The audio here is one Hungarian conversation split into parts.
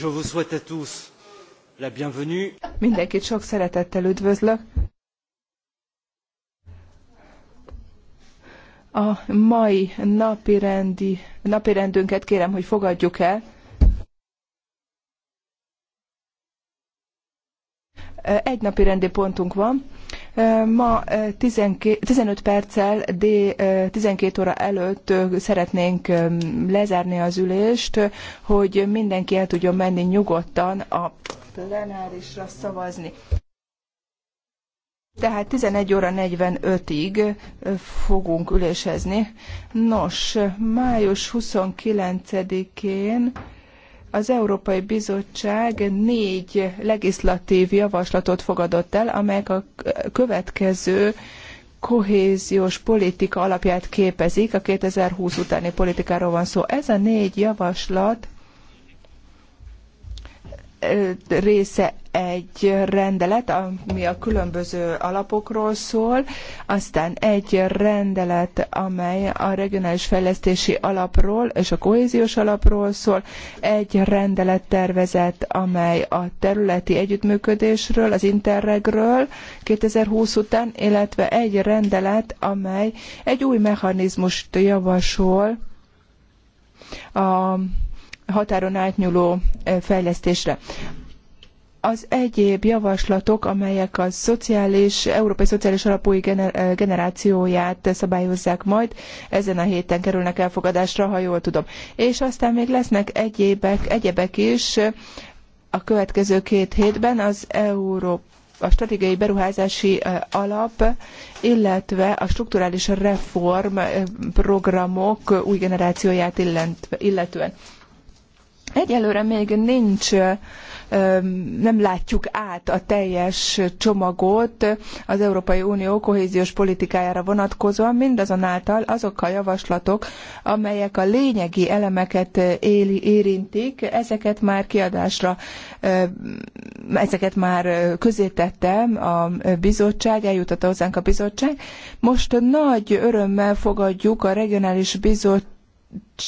Je vous souhaite à tous la bienvenue. Mindenkit sok szeretettel üdvözlök. A mai napirendi, napirendünket kérem, hogy fogadjuk el. Egy napirendi pontunk van Ma 12, 15 perccel D 12 óra előtt szeretnénk lezárni az ülést, hogy mindenki el tudjon menni nyugodtan a plenárisra szavazni. Tehát 11 óra 45-ig fogunk ülésezni. Nos, május 29-én az Európai Bizottság négy legislatív javaslatot fogadott el, amelyek a következő kohéziós politika alapját képezik, a 2020 utáni politikáról van szó. Ez a négy javaslat része egy rendelet, ami a különböző alapokról szól, aztán egy rendelet, amely a regionális fejlesztési alapról és a kohéziós alapról szól, egy rendelettervezet, amely a területi együttműködésről, az Interregről 2020 után, illetve egy rendelet, amely egy új mechanizmust javasol a határon átnyúló fejlesztésre. Az egyéb javaslatok, amelyek a szociális, európai szociális új generációját szabályozzák majd, ezen a héten kerülnek elfogadásra, ha jól tudom. És aztán még lesznek egyébek, egyebek is a következő két hétben az Európa a stratégiai beruházási alap, illetve a strukturális reform programok új generációját illetően. Egyelőre még nincs, nem látjuk át a teljes csomagot az Európai Unió kohéziós politikájára vonatkozóan, mindazonáltal azok a javaslatok, amelyek a lényegi elemeket érintik, ezeket már kiadásra, ezeket már közétettem a bizottság, eljutott hozzánk a bizottság. Most nagy örömmel fogadjuk a regionális bizottság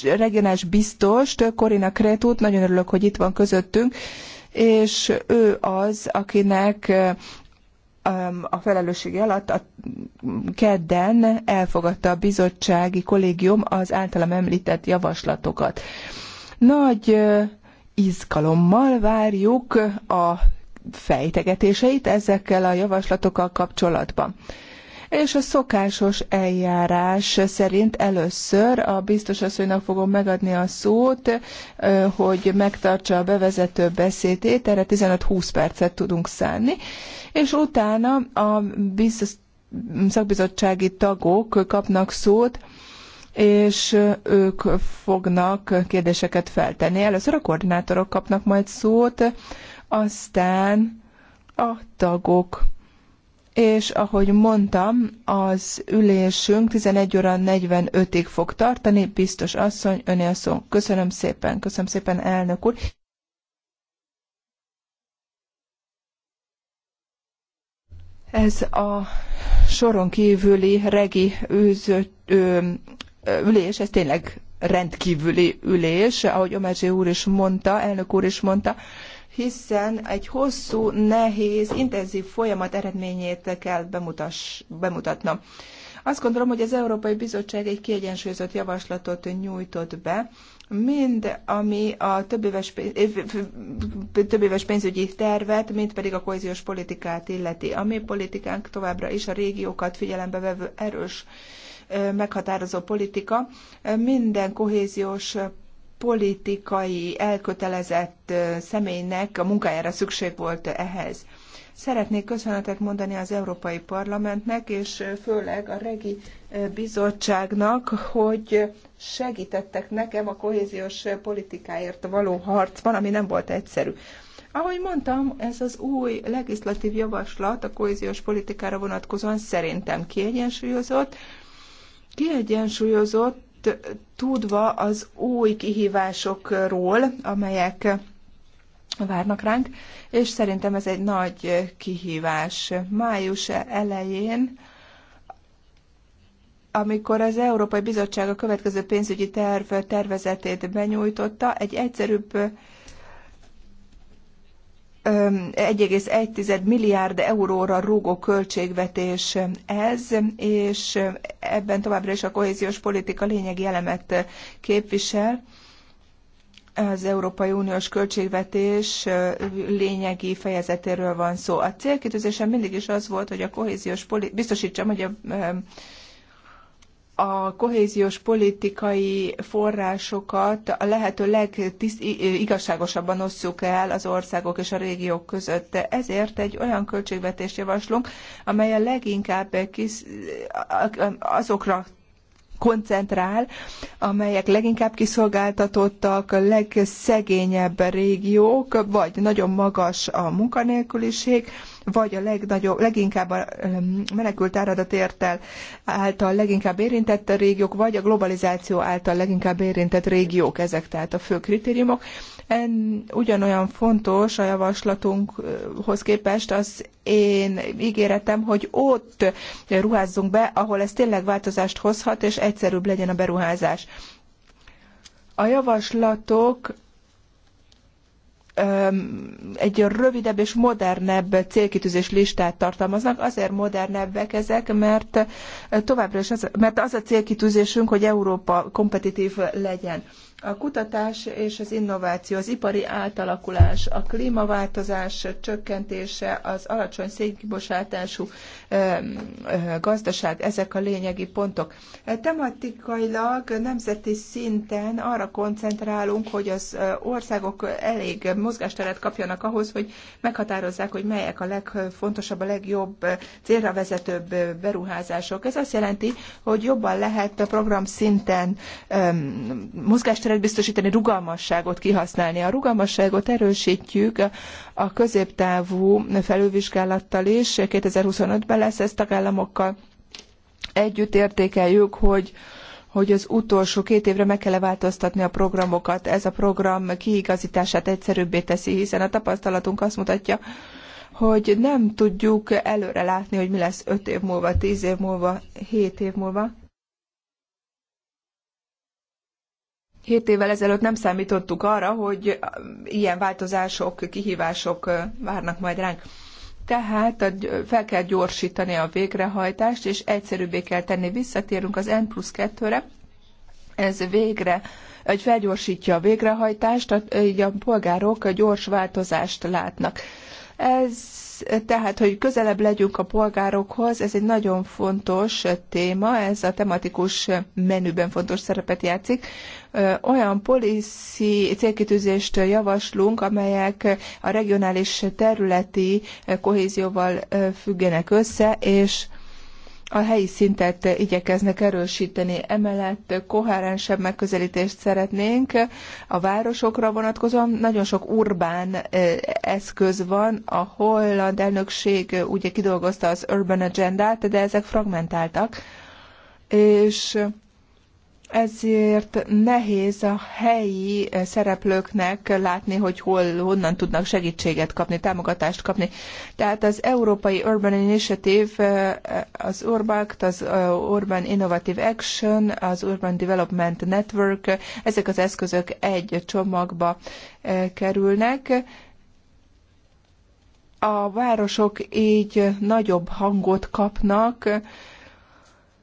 regionális biztost, Korina Kretút, nagyon örülök, hogy itt van közöttünk, és ő az, akinek um, a felelőssége alatt a kedden elfogadta a bizottsági kollégium az általam említett javaslatokat. Nagy izgalommal várjuk a fejtegetéseit ezekkel a javaslatokkal kapcsolatban és a szokásos eljárás szerint először a biztos asszonynak fogom megadni a szót, hogy megtartsa a bevezető beszédét, erre 15-20 percet tudunk szánni, és utána a biztos szakbizottsági tagok kapnak szót, és ők fognak kérdéseket feltenni. Először a koordinátorok kapnak majd szót, aztán a tagok és ahogy mondtam, az ülésünk 11 óra 45-ig fog tartani. Biztos asszony, öné a szó. Köszönöm szépen, köszönöm szépen, elnök úr. Ez a soron kívüli regi ö, ülés, ez tényleg rendkívüli ülés, ahogy Omázsé úr is mondta, elnök úr is mondta, hiszen egy hosszú, nehéz, intenzív folyamat eredményét kell bemutas, bemutatnom. Azt gondolom, hogy az Európai Bizottság egy kiegyensúlyozott javaslatot nyújtott be, mind ami a többéves, eh, többéves pénzügyi tervet, mind pedig a kohéziós politikát illeti. A mi politikánk továbbra is a régiókat figyelembe vevő erős eh, meghatározó politika. Eh, minden kohéziós politikai elkötelezett személynek a munkájára szükség volt ehhez. Szeretnék köszönetet mondani az Európai Parlamentnek, és főleg a Regi Bizottságnak, hogy segítettek nekem a kohéziós politikáért való harcban, ami nem volt egyszerű. Ahogy mondtam, ez az új legislatív javaslat a kohéziós politikára vonatkozóan szerintem kiegyensúlyozott, kiegyensúlyozott tudva az új kihívásokról, amelyek várnak ránk, és szerintem ez egy nagy kihívás. Május elején amikor az Európai Bizottság a következő pénzügyi terv tervezetét benyújtotta, egy egyszerűbb 1,1 milliárd euróra rúgó költségvetés ez, és ebben továbbra is a kohéziós politika lényegi elemet képvisel. Az Európai Uniós költségvetés lényegi fejezetéről van szó. A célkitűzésem mindig is az volt, hogy a kohéziós politika, biztosítsam, hogy a a kohéziós politikai forrásokat a lehető legigazságosabban osszuk el az országok és a régiók között. Ezért egy olyan költségvetést javaslunk, amely a leginkább kis, azokra koncentrál, amelyek leginkább kiszolgáltatottak, a legszegényebb régiók, vagy nagyon magas a munkanélküliség, vagy a legnagyobb, leginkább a menekült áradat értel által leginkább érintett régiók, vagy a globalizáció által leginkább érintett régiók, ezek tehát a fő kritériumok. En, ugyanolyan fontos a javaslatunkhoz képest az én ígéretem, hogy ott ruházzunk be, ahol ez tényleg változást hozhat, és egyszerűbb legyen a beruházás. A javaslatok egy rövidebb és modernebb célkitűzés listát tartalmaznak. Azért modernebbek ezek, mert továbbra is az, mert az a célkitűzésünk, hogy Európa kompetitív legyen. A kutatás és az innováció, az ipari átalakulás, a klímaváltozás csökkentése, az alacsony szénkibocsátású gazdaság, ezek a lényegi pontok. Tematikailag nemzeti szinten arra koncentrálunk, hogy az országok elég mozgásteret kapjanak ahhoz, hogy meghatározzák, hogy melyek a legfontosabb, a legjobb, célra vezetőbb beruházások. Ez azt jelenti, hogy jobban lehet a program szinten mozgásteret lehet biztosítani rugalmasságot kihasználni. A rugalmasságot erősítjük a középtávú felülvizsgálattal is, 2025-ben lesz ez tagállamokkal. Együtt értékeljük, hogy hogy az utolsó két évre meg kell -e változtatni a programokat. Ez a program kiigazítását egyszerűbbé teszi, hiszen a tapasztalatunk azt mutatja, hogy nem tudjuk előre látni, hogy mi lesz öt év múlva, 10 év múlva, hét év múlva. Hét évvel ezelőtt nem számítottuk arra, hogy ilyen változások, kihívások várnak majd ránk. Tehát fel kell gyorsítani a végrehajtást, és egyszerűbbé kell tenni. Visszatérünk az N plusz 2-re, ez végre, hogy felgyorsítja a végrehajtást, így a polgárok gyors változást látnak. Ez tehát, hogy közelebb legyünk a polgárokhoz, ez egy nagyon fontos téma, ez a tematikus menüben fontos szerepet játszik. Olyan policy célkitűzést javaslunk, amelyek a regionális területi kohézióval függenek össze, és a helyi szintet igyekeznek erősíteni. Emellett koherensebb megközelítést szeretnénk a városokra vonatkozóan. Nagyon sok urbán e, eszköz van. A holland elnökség ugye kidolgozta az Urban Agendát, de ezek fragmentáltak. És ezért nehéz a helyi szereplőknek látni, hogy hol, honnan tudnak segítséget kapni, támogatást kapni. Tehát az Európai Urban Initiative, eh, az Urbact, az eh, Urban Innovative Action, az Urban Development Network, ezek az eszközök egy csomagba eh, kerülnek. A városok így nagyobb hangot kapnak,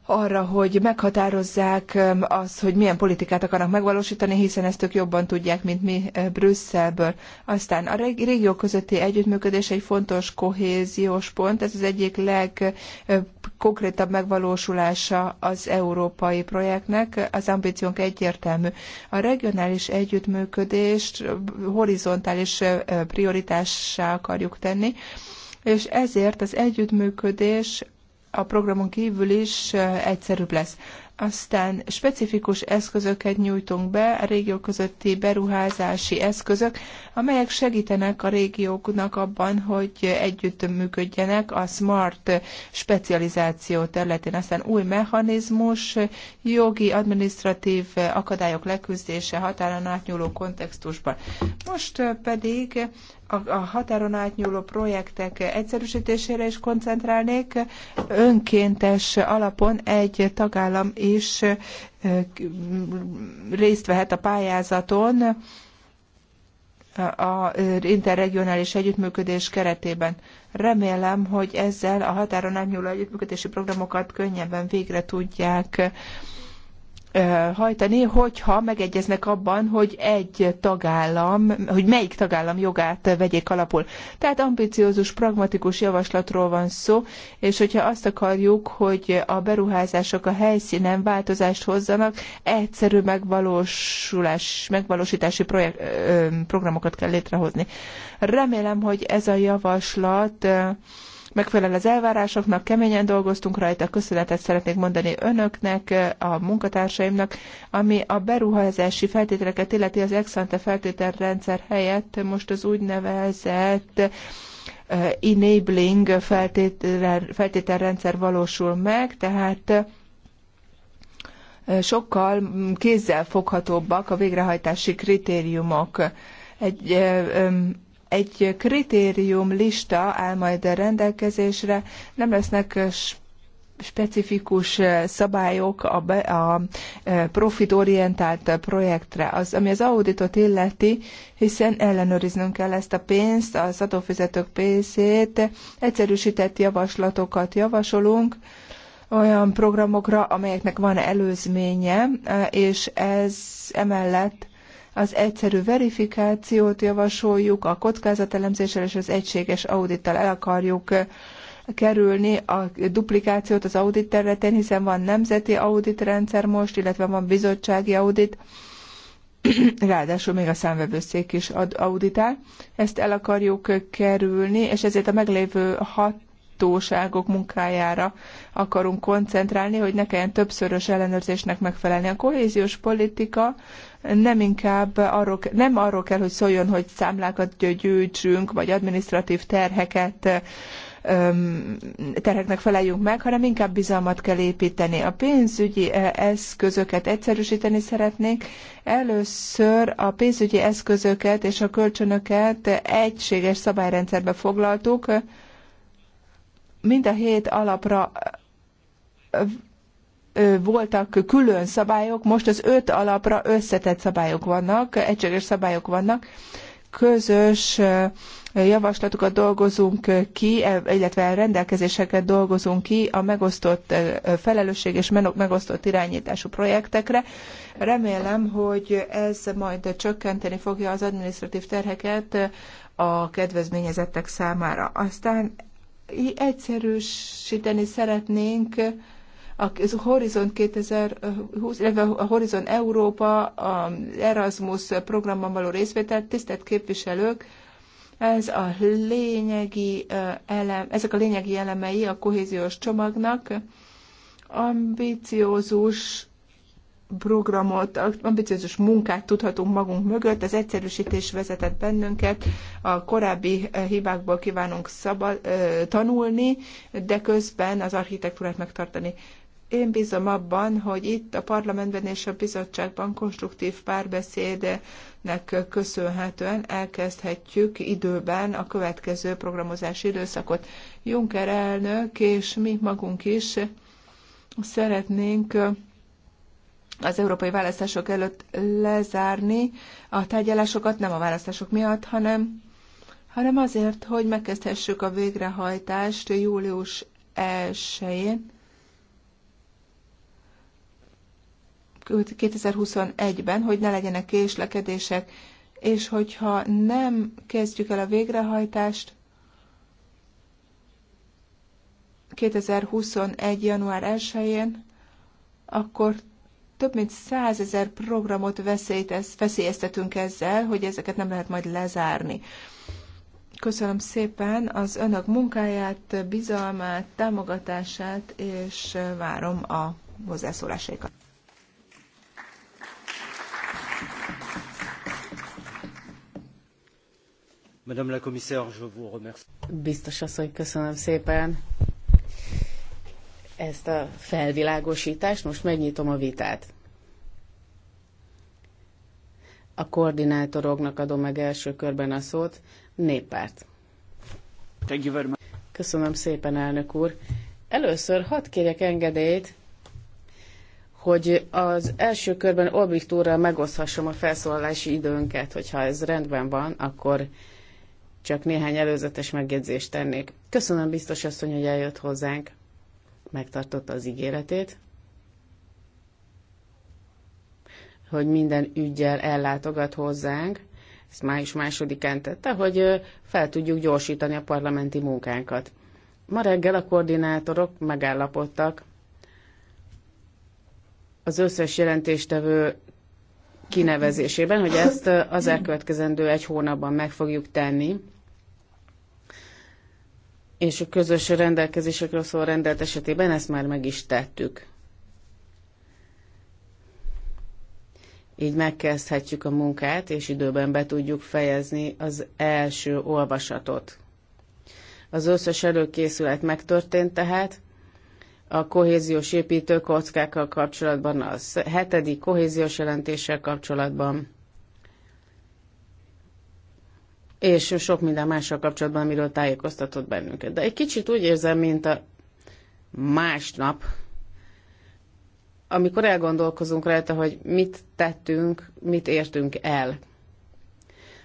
arra, hogy meghatározzák um, az, hogy milyen politikát akarnak megvalósítani, hiszen ezt ők jobban tudják, mint mi uh, Brüsszelből. Aztán a régió közötti együttműködés egy fontos kohéziós pont, ez az egyik legkonkrétabb megvalósulása az európai projektnek, az ambíciónk egyértelmű. A regionális együttműködést horizontális uh, prioritássá akarjuk tenni, és ezért az együttműködés a programon kívül is egyszerűbb lesz. Aztán specifikus eszközöket nyújtunk be, a régió közötti beruházási eszközök, amelyek segítenek a régióknak abban, hogy együtt működjenek a smart specializáció területén. Aztán új mechanizmus, jogi, administratív akadályok leküzdése határon átnyúló kontextusban. Most pedig a, határon átnyúló projektek egyszerűsítésére is koncentrálnék. Önkéntes alapon egy tagállam is részt vehet a pályázaton a interregionális együttműködés keretében. Remélem, hogy ezzel a határon átnyúló együttműködési programokat könnyebben végre tudják hajtani, hogyha megegyeznek abban, hogy egy tagállam, hogy melyik tagállam jogát vegyék alapul. Tehát ambiciózus, pragmatikus javaslatról van szó, és hogyha azt akarjuk, hogy a beruházások a helyszínen változást hozzanak, egyszerű megvalósulás, megvalósítási programokat kell létrehozni. Remélem, hogy ez a javaslat megfelel az elvárásoknak, keményen dolgoztunk rajta, köszönetet szeretnék mondani önöknek, a munkatársaimnak, ami a beruházási feltételeket illeti az ex-ante feltételrendszer helyett most az úgynevezett eh, enabling feltételrendszer valósul meg, tehát eh, sokkal kézzelfoghatóbbak a végrehajtási kritériumok. Egy eh, egy kritérium lista áll majd a rendelkezésre, nem lesznek specifikus szabályok a, be, a profitorientált projektre, az, ami az auditot illeti, hiszen ellenőriznünk kell ezt a pénzt, az adófizetők pénzét, egyszerűsített javaslatokat javasolunk, olyan programokra, amelyeknek van előzménye, és ez emellett az egyszerű verifikációt javasoljuk, a kockázatelemzéssel és az egységes audittal el akarjuk eh, kerülni a duplikációt az audit területén, hiszen van nemzeti auditrendszer most, illetve van bizottsági audit, ráadásul még a számvevőszék is ad, auditál. Ezt el akarjuk eh, kerülni, és ezért a meglévő hat hatóságok munkájára akarunk koncentrálni, hogy ne kelljen többszörös ellenőrzésnek megfelelni. A kohéziós politika nem inkább arról, nem arról kell, hogy szóljon, hogy számlákat gyűjtsünk, vagy administratív terheket terheknek feleljünk meg, hanem inkább bizalmat kell építeni. A pénzügyi e, eszközöket egyszerűsíteni szeretnék. Először a pénzügyi eszközöket és a kölcsönöket egységes szabályrendszerbe foglaltuk. Mind a hét alapra voltak külön szabályok, most az öt alapra összetett szabályok vannak, egységes szabályok vannak, közös javaslatokat dolgozunk ki, e, illetve rendelkezéseket dolgozunk ki a megosztott felelősség és megosztott irányítású projektekre. Remélem, hogy ez majd csökkenteni fogja az administratív terheket a kedvezményezettek számára. Aztán egyszerűsíteni szeretnénk a Horizon 2020, illetve a Horizon Európa, a Erasmus programban való részvételt, tisztelt képviselők, ez a lényegi elem, ezek a lényegi elemei a kohéziós csomagnak ambiciózus programot, ambiciózus munkát tudhatunk magunk mögött, az egyszerűsítés vezetett bennünket, a korábbi hibákból kívánunk szabad, tanulni, de közben az architektúrát megtartani. Én bízom abban, hogy itt a parlamentben és a bizottságban konstruktív párbeszédnek köszönhetően elkezdhetjük időben a következő programozási időszakot. Juncker elnök és mi magunk is szeretnénk az európai választások előtt lezárni a tárgyalásokat, nem a választások miatt, hanem, hanem azért, hogy megkezdhessük a végrehajtást július 1-én 2021-ben, hogy ne legyenek késlekedések, és hogyha nem kezdjük el a végrehajtást 2021. január 1-én, akkor több mint százezer programot veszélyeztetünk ezzel, hogy ezeket nem lehet majd lezárni. Köszönöm szépen az önök munkáját, bizalmát, támogatását, és várom a hozzászólásaikat. Madame la commissaire, je vous remercie. Biztos asszony, köszönöm szépen ezt a felvilágosítást. Most megnyitom a vitát. A koordinátoroknak adom meg első körben a szót. Néppárt. Thank you very much. Köszönöm szépen, elnök úr. Először hadd kérjek engedélyt, hogy az első körben Olbricht úrral megoszhassam a felszólalási időnket, hogyha ez rendben van, akkor csak néhány előzetes megjegyzést tennék. Köszönöm biztos asszony, hogy eljött hozzánk. Megtartotta az ígéretét, hogy minden ügyjel ellátogat hozzánk, ezt május másodikán tette, hogy fel tudjuk gyorsítani a parlamenti munkánkat. Ma reggel a koordinátorok megállapodtak az összes jelentéstevő kinevezésében, hogy ezt az elkövetkezendő egy hónapban meg fogjuk tenni, és a közös rendelkezésekről szól rendelt esetében ezt már meg is tettük. Így megkezdhetjük a munkát, és időben be tudjuk fejezni az első olvasatot. Az összes előkészület megtörtént tehát, a kohéziós építő kockákkal kapcsolatban, a hetedik kohéziós jelentéssel kapcsolatban, és sok minden mással kapcsolatban, amiről tájékoztatott bennünket. De egy kicsit úgy érzem, mint a másnap, amikor elgondolkozunk rajta, hogy mit tettünk, mit értünk el.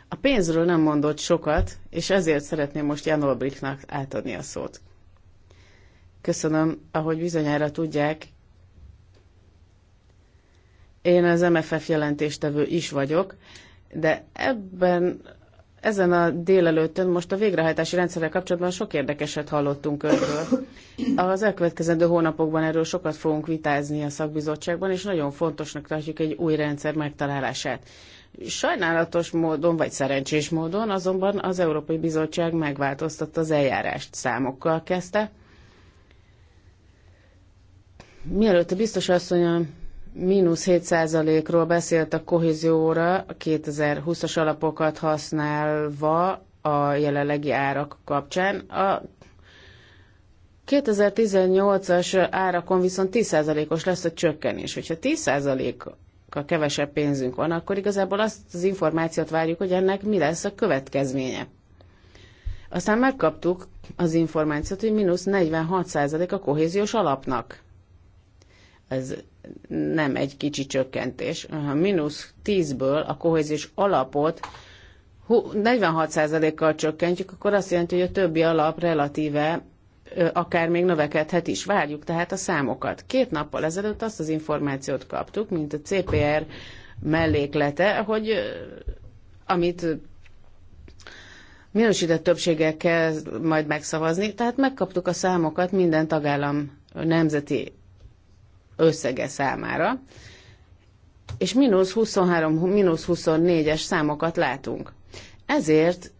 A pénzről nem mondott sokat, és ezért szeretném most Jan Olbrichtnak átadni a szót. Köszönöm, ahogy bizonyára tudják, én az MFF jelentéstevő is vagyok, de ebben ezen a délelőttön most a végrehajtási rendszerrel kapcsolatban sok érdekeset hallottunk önről. Az elkövetkezendő hónapokban erről sokat fogunk vitázni a szakbizottságban, és nagyon fontosnak tartjuk egy új rendszer megtalálását. Sajnálatos módon, vagy szerencsés módon azonban az Európai Bizottság megváltoztatta az eljárást, számokkal kezdte, Mielőtt a biztos asszony a mínusz 7%-ról beszélt a kohézióra, a 2020-as alapokat használva a jelenlegi árak kapcsán, a 2018-as árakon viszont 10%-os lesz a csökkenés. Hogyha 10%-a kevesebb pénzünk van, akkor igazából azt az információt várjuk, hogy ennek mi lesz a következménye. Aztán megkaptuk az információt, hogy mínusz 46% a kohéziós alapnak ez nem egy kicsi csökkentés. Ha mínusz 10-ből a kohézis alapot 46%-kal csökkentjük, akkor azt jelenti, hogy a többi alap relatíve akár még növekedhet is. Várjuk tehát a számokat. Két nappal ezelőtt azt az információt kaptuk, mint a CPR melléklete, hogy amit minősített többségekkel majd megszavazni, tehát megkaptuk a számokat minden tagállam nemzeti összege számára, és mínusz 23, mínusz 24-es számokat látunk. Ezért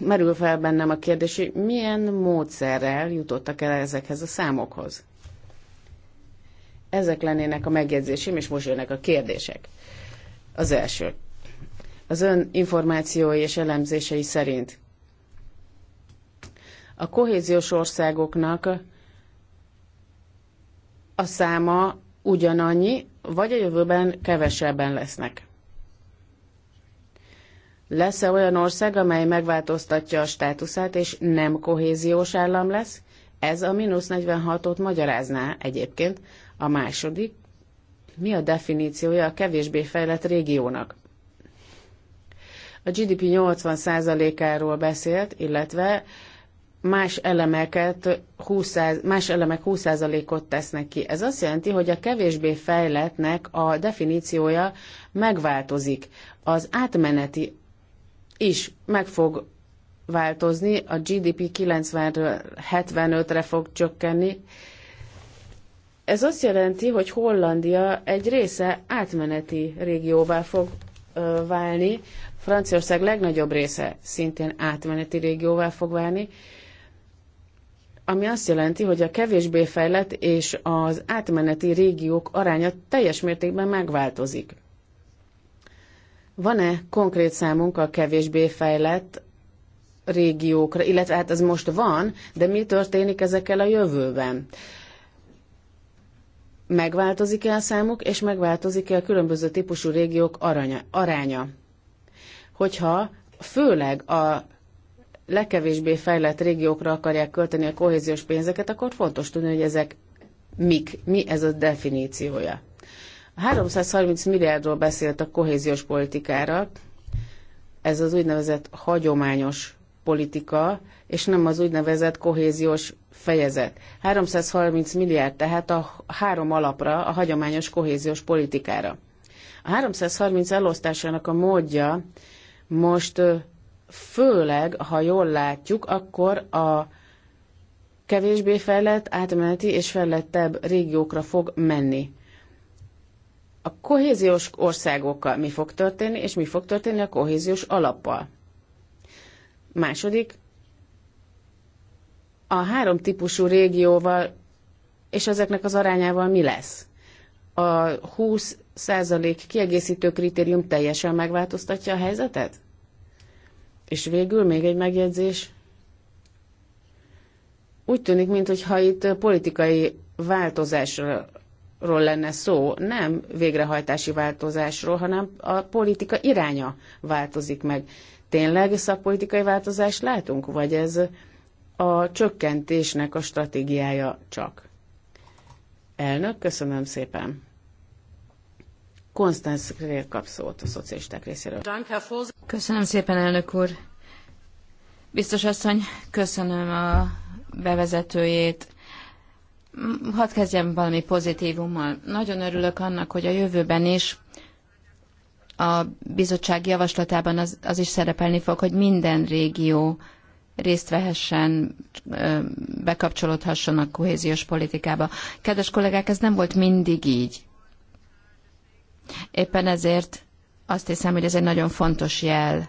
merül fel bennem a kérdés, hogy milyen módszerrel jutottak el ezekhez a számokhoz. Ezek lennének a megjegyzésim, és most jönnek a kérdések. Az első. Az ön információi és elemzései szerint a kohéziós országoknak a száma ugyanannyi, vagy a jövőben kevesebben lesznek. Lesz-e olyan ország, amely megváltoztatja a státuszát, és nem kohéziós állam lesz? Ez a mínusz 46-ot magyarázná egyébként. A második, mi a definíciója a kevésbé fejlett régiónak? A GDP 80%-áról beszélt, illetve más elemeket 20, más elemek 20%-ot tesznek ki. Ez azt jelenti, hogy a kevésbé fejletnek a definíciója megváltozik. Az átmeneti is meg fog változni, a GDP 90 75-re fog csökkenni. Ez azt jelenti, hogy Hollandia egy része átmeneti régióvá fog válni, Franciaország legnagyobb része szintén átmeneti régióvá fog válni, ami azt jelenti, hogy a kevésbé fejlett és az átmeneti régiók aránya teljes mértékben megváltozik. Van-e konkrét számunk a kevésbé fejlett régiókra, illetve hát ez most van, de mi történik ezekkel a jövőben? Megváltozik-e a számuk, és megváltozik-e a különböző típusú régiók aranya, aránya? Hogyha főleg a legkevésbé fejlett régiókra akarják költeni a kohéziós pénzeket, akkor fontos tudni, hogy ezek mik, mi ez a definíciója. 330 milliárdról beszélt a kohéziós politikára, ez az úgynevezett hagyományos politika, és nem az úgynevezett kohéziós fejezet. 330 milliárd tehát a három alapra, a hagyományos kohéziós politikára. A 330 elosztásának a módja most főleg, ha jól látjuk, akkor a kevésbé fejlett, átmeneti és fejlettebb régiókra fog menni. A kohéziós országokkal mi fog történni, és mi fog történni a kohéziós alappal? Második, a három típusú régióval és ezeknek az arányával mi lesz? A 20 kiegészítő kritérium teljesen megváltoztatja a helyzetet? És végül még egy megjegyzés. Úgy tűnik, mintha itt politikai változásról lenne szó, nem végrehajtási változásról, hanem a politika iránya változik meg. Tényleg szakpolitikai változást látunk, vagy ez a csökkentésnek a stratégiája csak? Elnök, köszönöm szépen! Konstanz Krél kap szót a szocialisták részéről. Köszönöm szépen, elnök úr. Biztos asszony, köszönöm a bevezetőjét. Hadd kezdjem valami pozitívummal. Nagyon örülök annak, hogy a jövőben is a bizottság javaslatában az, az is szerepelni fog, hogy minden régió részt vehessen, bekapcsolódhasson a kohéziós politikába. Kedves kollégák, ez nem volt mindig így. Éppen ezért azt hiszem, hogy ez egy nagyon fontos jel,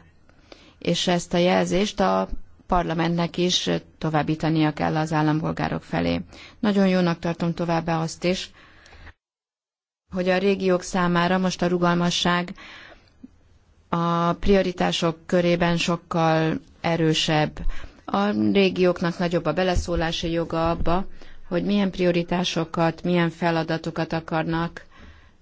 és ezt a jelzést a parlamentnek is továbbítania kell az állampolgárok felé. Nagyon jónak tartom továbbá azt is, hogy a régiók számára most a rugalmasság a prioritások körében sokkal erősebb. A régióknak nagyobb a beleszólási joga abba, hogy milyen prioritásokat, milyen feladatokat akarnak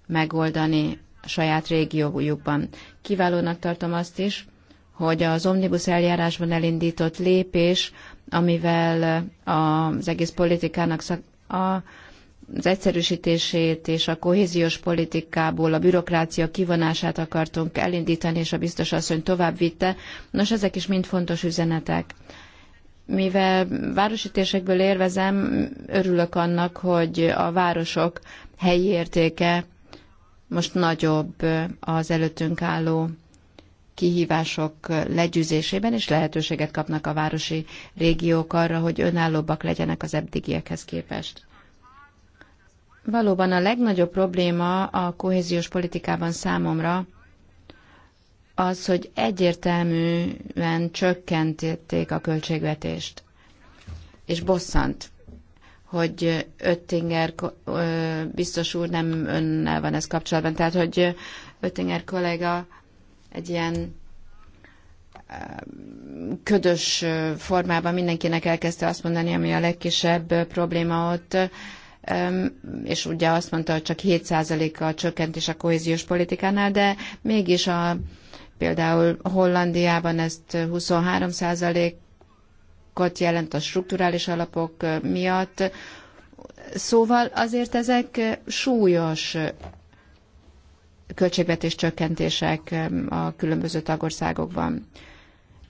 megoldani a saját régiójukban. Kiválónak tartom azt is, hogy az omnibus eljárásban elindított lépés, amivel az egész politikának szak, a, az egyszerűsítését és a kohéziós politikából a bürokrácia kivonását akartunk elindítani, és a biztos asszony tovább vitte. Nos, ezek is mind fontos üzenetek. Mivel városítésekből érvezem, örülök annak, hogy a városok helyi értéke most nagyobb az előttünk álló kihívások legyűzésében, és lehetőséget kapnak a városi régiók arra, hogy önállóbbak legyenek az eddigiekhez képest. Valóban a legnagyobb probléma a kohéziós politikában számomra az, hogy egyértelműen csökkentették a költségvetést, és bosszant hogy Öttinger biztos úr nem önnel van ez kapcsolatban, tehát hogy Öttinger kollega egy ilyen ködös formában mindenkinek elkezdte azt mondani, ami a legkisebb probléma ott, és ugye azt mondta, hogy csak 7 a csökkentés a kohéziós politikánál, de mégis a, például Hollandiában ezt 23 sokkot jelent a strukturális alapok miatt. Szóval azért ezek súlyos költségvetés csökkentések a különböző tagországokban.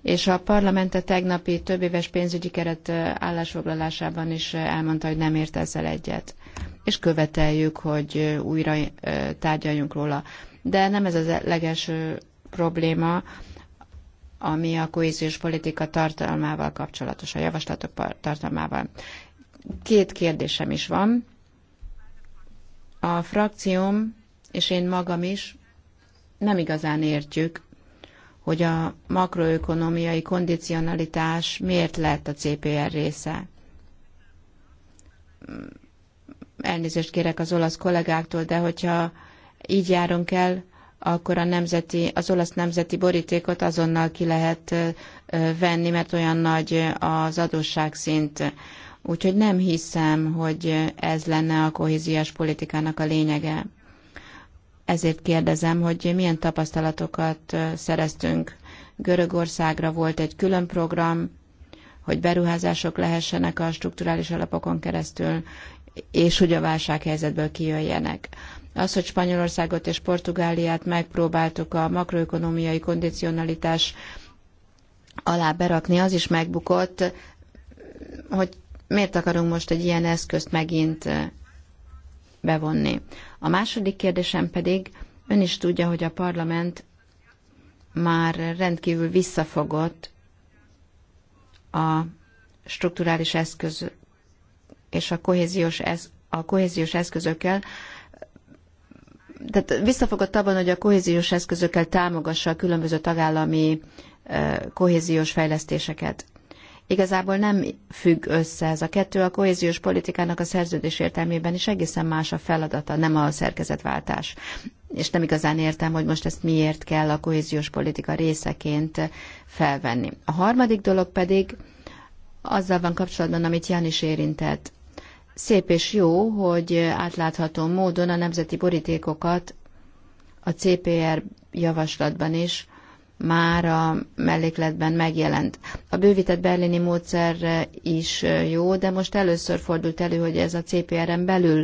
És a parlamente tegnapi többéves pénzügyi keret állásfoglalásában is elmondta, hogy nem ért ezzel egyet. És követeljük, hogy újra tárgyaljunk róla. De nem ez az e-, legelső probléma ami a kohéziós politika tartalmával kapcsolatos, a javaslatok tartalmával. Két kérdésem is van. A frakcióm és én magam is nem igazán értjük, hogy a makroökonomiai kondicionalitás miért lett a CPR része. Elnézést kérek az olasz kollégáktól, de hogyha így járunk el, akkor a nemzeti, az olasz nemzeti borítékot azonnal ki lehet venni, mert olyan nagy az adósságszint. Úgyhogy nem hiszem, hogy ez lenne a kohéziás politikának a lényege. Ezért kérdezem, hogy milyen tapasztalatokat szereztünk. Görögországra volt egy külön program, hogy beruházások lehessenek a strukturális alapokon keresztül, és hogy a válsághelyzetből kijöjjenek. Az, hogy Spanyolországot és Portugáliát megpróbáltuk a makroökonómiai kondicionalitás alá berakni, az is megbukott, hogy miért akarunk most egy ilyen eszközt megint bevonni. A második kérdésem pedig, ön is tudja, hogy a parlament már rendkívül visszafogott a strukturális eszköz és a kohéziós, esz, a kohéziós eszközökkel, tehát visszafogott abban, hogy a kohéziós eszközökkel támogassa a különböző tagállami kohéziós fejlesztéseket. Igazából nem függ össze ez a kettő, a kohéziós politikának a szerződés értelmében is egészen más a feladata, nem a szerkezetváltás. És nem igazán értem, hogy most ezt miért kell a kohéziós politika részeként felvenni. A harmadik dolog pedig azzal van kapcsolatban, amit Jan is érintett, Szép és jó, hogy átlátható módon a nemzeti borítékokat a CPR javaslatban is már a mellékletben megjelent. A bővített berlini módszer is jó, de most először fordult elő, hogy ez a CPR-en belül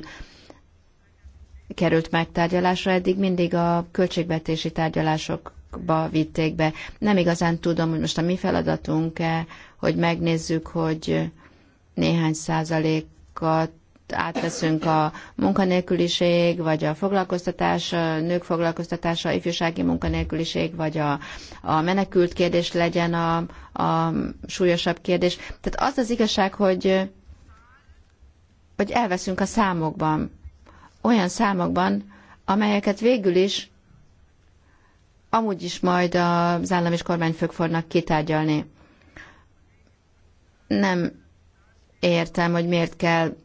került megtárgyalásra, eddig mindig a költségvetési tárgyalásokba vitték be. Nem igazán tudom, hogy most a mi feladatunk-e, hogy megnézzük, hogy néhány százalék munkákat átveszünk a munkanélküliség, vagy a foglalkoztatás, a nők foglalkoztatása, ifjúsági munkanélküliség, vagy a, a menekült kérdés legyen a, a súlyosabb kérdés. Tehát az az igazság, hogy, hogy elveszünk a számokban, olyan számokban, amelyeket végül is amúgy is majd az állam és kormányfők fognak kitárgyalni. Nem értem, hogy miért kell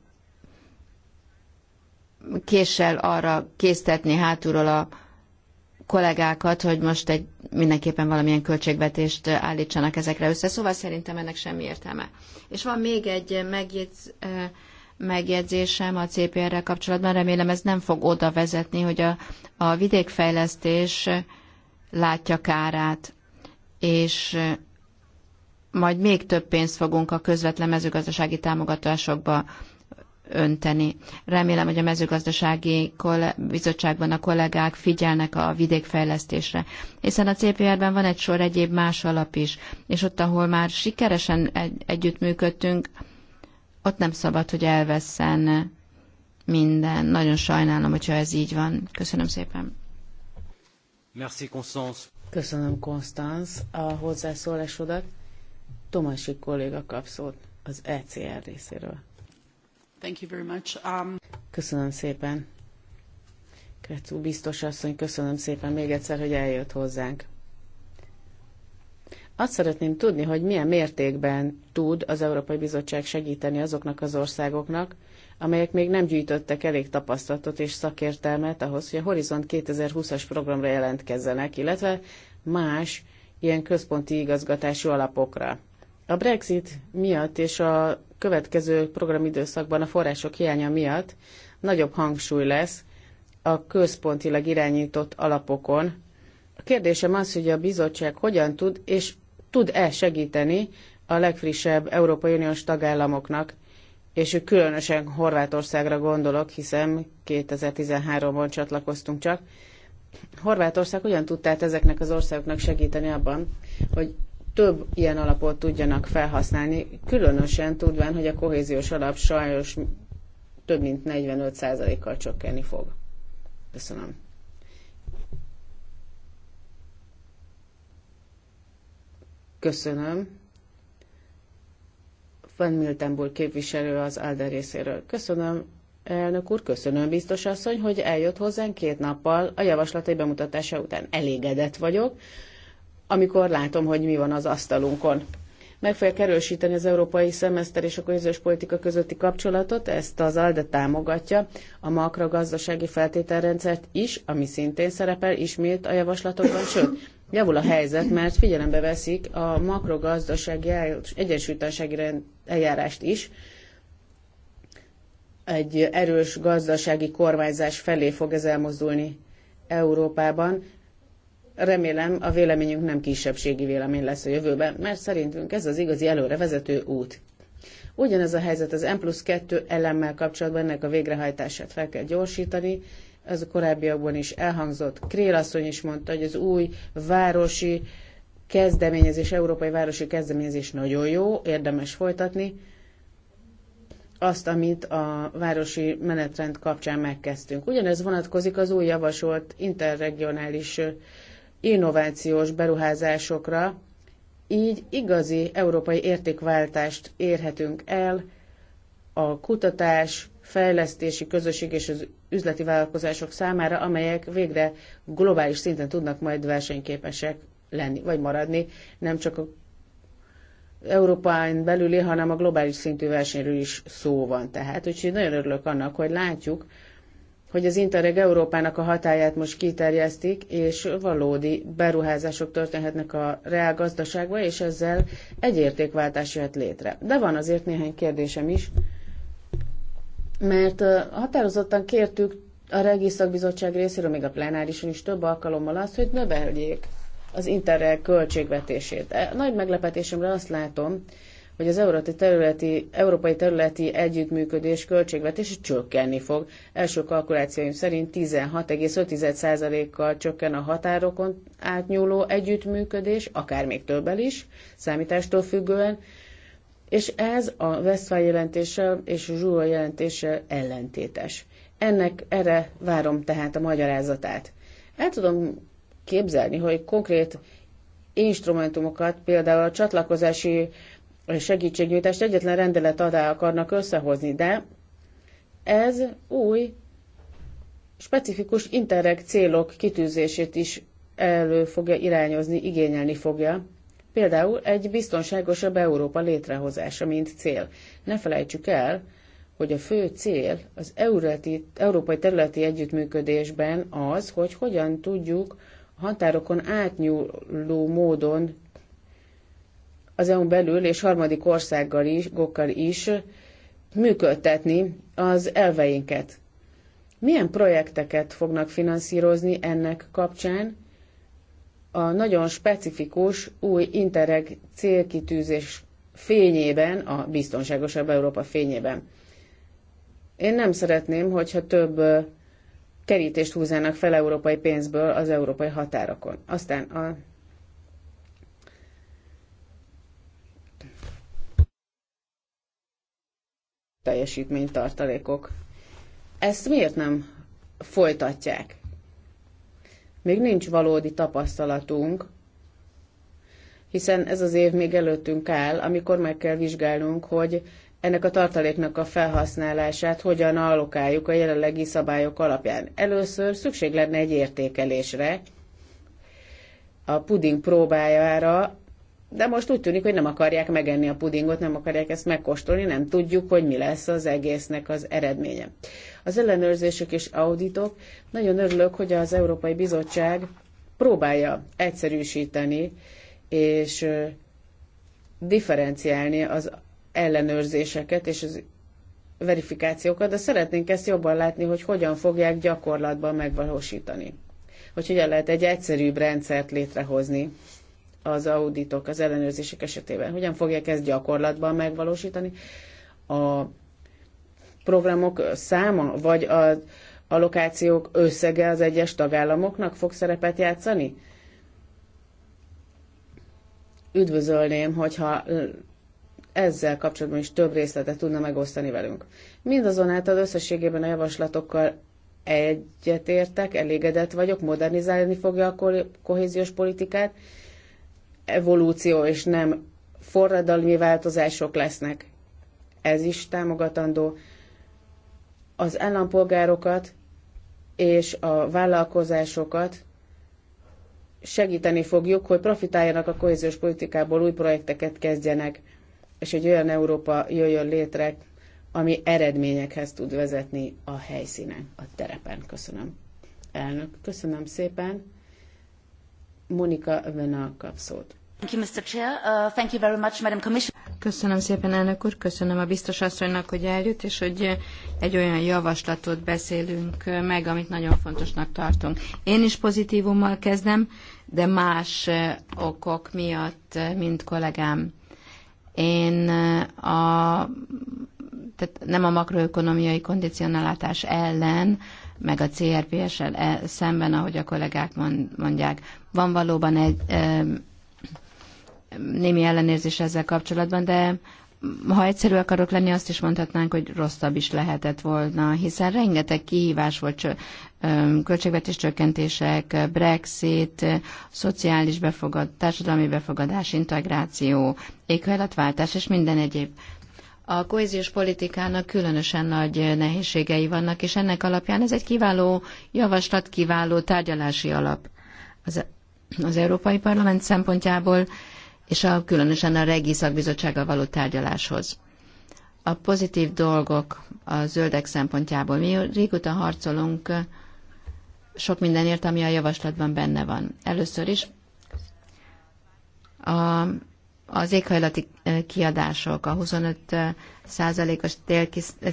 késsel arra késztetni hátulról a kollégákat, hogy most egy, mindenképpen valamilyen költségvetést állítsanak ezekre össze. Szóval szerintem ennek semmi értelme. És van még egy megjegyz, megjegyzésem a CPR-rel kapcsolatban. Remélem ez nem fog oda vezetni, hogy a, a vidékfejlesztés látja kárát, és majd még több pénzt fogunk a közvetlen mezőgazdasági támogatásokba önteni. Remélem, hogy a mezőgazdasági bizottságban a kollégák figyelnek a vidékfejlesztésre, hiszen a CPR-ben van egy sor egyéb más alap is, és ott, ahol már sikeresen egy- együttműködtünk, ott nem szabad, hogy elvesszen minden. Nagyon sajnálom, hogyha ez így van. Köszönöm szépen. Merci, Constance. Köszönöm, Konstanz, a hozzászólásodat. Tomasi kolléga kap szót az ECR részéről. Thank you very much. Um... Köszönöm szépen. Kretú biztos asszony, köszönöm szépen még egyszer, hogy eljött hozzánk. Azt szeretném tudni, hogy milyen mértékben tud az Európai Bizottság segíteni azoknak az országoknak, amelyek még nem gyűjtöttek elég tapasztalatot és szakértelmet ahhoz, hogy a Horizont 2020-as programra jelentkezzenek, illetve más ilyen központi igazgatási alapokra. A Brexit miatt és a következő programidőszakban a források hiánya miatt nagyobb hangsúly lesz a központilag irányított alapokon. A kérdésem az, hogy a bizottság hogyan tud és tud-e segíteni a legfrissebb Európai Uniós tagállamoknak, és különösen Horvátországra gondolok, hiszen 2013-ban csatlakoztunk csak. Horvátország hogyan tud tehát ezeknek az országoknak segíteni abban, hogy több ilyen alapot tudjanak felhasználni, különösen tudván, hogy a kohéziós alap sajnos több mint 45%-kal csökkenni fog. Köszönöm. Köszönöm. Van Miltenburg képviselő az Alder részéről. Köszönöm, elnök úr, köszönöm, biztos asszony, hogy eljött hozzánk két nappal a javaslatai bemutatása után. Elégedett vagyok, amikor látom, hogy mi van az asztalunkon. Meg fogják erősíteni az európai szemeszter és a közös politika közötti kapcsolatot, ezt az ALDE támogatja, a makrogazdasági feltételrendszert is, ami szintén szerepel ismét a javaslatokban, sőt, javul a helyzet, mert figyelembe veszik a makrogazdasági egyensúlytalansági eljárást is, egy erős gazdasági kormányzás felé fog ez elmozdulni Európában, Remélem a véleményünk nem kisebbségi vélemény lesz a jövőben, mert szerintünk ez az igazi előrevezető út. Ugyanez a helyzet az M plusz 2 elemmel kapcsolatban ennek a végrehajtását fel kell gyorsítani, ez a korábbiakban is elhangzott. Krélasszony is mondta, hogy az új városi kezdeményezés, európai városi kezdeményezés nagyon jó, érdemes folytatni. Azt, amit a városi menetrend kapcsán megkezdtünk. Ugyanez vonatkozik az új javasolt interregionális innovációs beruházásokra, így igazi európai értékváltást érhetünk el a kutatás, fejlesztési közösség és az üzleti vállalkozások számára, amelyek végre globális szinten tudnak majd versenyképesek lenni, vagy maradni, nem csak a Európán belüli, hanem a globális szintű versenyről is szó van. Tehát, úgyhogy nagyon örülök annak, hogy látjuk, hogy az Interreg Európának a hatáját most kiterjesztik, és valódi beruházások történhetnek a reál gazdaságba, és ezzel egy értékváltás jöhet létre. De van azért néhány kérdésem is, mert határozottan kértük a Regiszakbizottság részéről, még a plenárison is több alkalommal azt, hogy növeljék az Interreg költségvetését. E, nagy meglepetésemre azt látom, hogy az európai területi, európai területi együttműködés költségvetés csökkenni fog. Első kalkulációim szerint 16,5%-kal csökken a határokon átnyúló együttműködés, akár még többel is, számítástól függően, és ez a Westphal jelentéssel és a Zsúra jelentéssel ellentétes. Ennek erre várom tehát a magyarázatát. El tudom képzelni, hogy konkrét instrumentumokat, például a csatlakozási segítségnyújtást egyetlen rendelet adá akarnak összehozni, de ez új, specifikus interreg célok kitűzését is elő fogja irányozni, igényelni fogja. Például egy biztonságosabb Európa létrehozása, mint cél. Ne felejtsük el, hogy a fő cél az Eurati, európai területi együttműködésben az, hogy hogyan tudjuk határokon átnyúló módon az EU-n belül és harmadik országgal is, gokkal is működtetni az elveinket. Milyen projekteket fognak finanszírozni ennek kapcsán? A nagyon specifikus új interreg célkitűzés fényében, a biztonságosabb Európa fényében. Én nem szeretném, hogyha több kerítést húzának fel európai pénzből az európai határokon. Aztán a teljesítménytartalékok. Ezt miért nem folytatják? Még nincs valódi tapasztalatunk, hiszen ez az év még előttünk áll, amikor meg kell vizsgálnunk, hogy ennek a tartaléknak a felhasználását hogyan allokáljuk a jelenlegi szabályok alapján. Először szükség lenne egy értékelésre, a puding próbájára de most úgy tűnik, hogy nem akarják megenni a pudingot, nem akarják ezt megkóstolni, nem tudjuk, hogy mi lesz az egésznek az eredménye. Az ellenőrzések és auditok, nagyon örülök, hogy az Európai Bizottság próbálja egyszerűsíteni és differenciálni az ellenőrzéseket és az verifikációkat, de szeretnénk ezt jobban látni, hogy hogyan fogják gyakorlatban megvalósítani. Hogy hogyan lehet egy egyszerűbb rendszert létrehozni az auditok, az ellenőrzések esetében. Hogyan fogják ezt gyakorlatban megvalósítani? A programok száma, vagy a allokációk összege az egyes tagállamoknak fog szerepet játszani? Üdvözölném, hogyha ezzel kapcsolatban is több részletet tudna megosztani velünk. Mindazonáltal összességében a javaslatokkal egyetértek, elégedett vagyok, modernizálni fogja a kohéziós politikát, evolúció és nem forradalmi változások lesznek. Ez is támogatandó. Az állampolgárokat és a vállalkozásokat segíteni fogjuk, hogy profitáljanak a kohéziós politikából, új projekteket kezdjenek, és hogy olyan Európa jöjjön létre, ami eredményekhez tud vezetni a helyszínen, a terepen. Köszönöm. Elnök, köszönöm szépen. Monika Vena szót. Uh, köszönöm szépen, elnök úr, köszönöm a biztos asszonynak, hogy eljött, és hogy uh, egy olyan javaslatot beszélünk uh, meg, amit nagyon fontosnak tartunk. Én is pozitívummal kezdem, de más okok miatt, mint kollégám. Én a tehát nem a makroökonomiai kondicionálatás ellen, meg a CRPS-el e, szemben, ahogy a kollégák mondják. Van valóban egy némi ellenérzés ezzel kapcsolatban, de ha egyszerű akarok lenni, azt is mondhatnánk, hogy rosszabb is lehetett volna, hiszen rengeteg kihívás volt, költségvetés csökkentések, Brexit, szociális befogadás, társadalmi befogadás, integráció, éghajlatváltás és minden egyéb a kohéziós politikának különösen nagy nehézségei vannak, és ennek alapján ez egy kiváló javaslat, kiváló tárgyalási alap az, e- az Európai Parlament szempontjából, és a, különösen a Regi Szakbizottsággal való tárgyaláshoz. A pozitív dolgok a zöldek szempontjából. Mi régóta harcolunk sok mindenért, ami a javaslatban benne van. Először is a az éghajlati kiadások, a 25 százalékos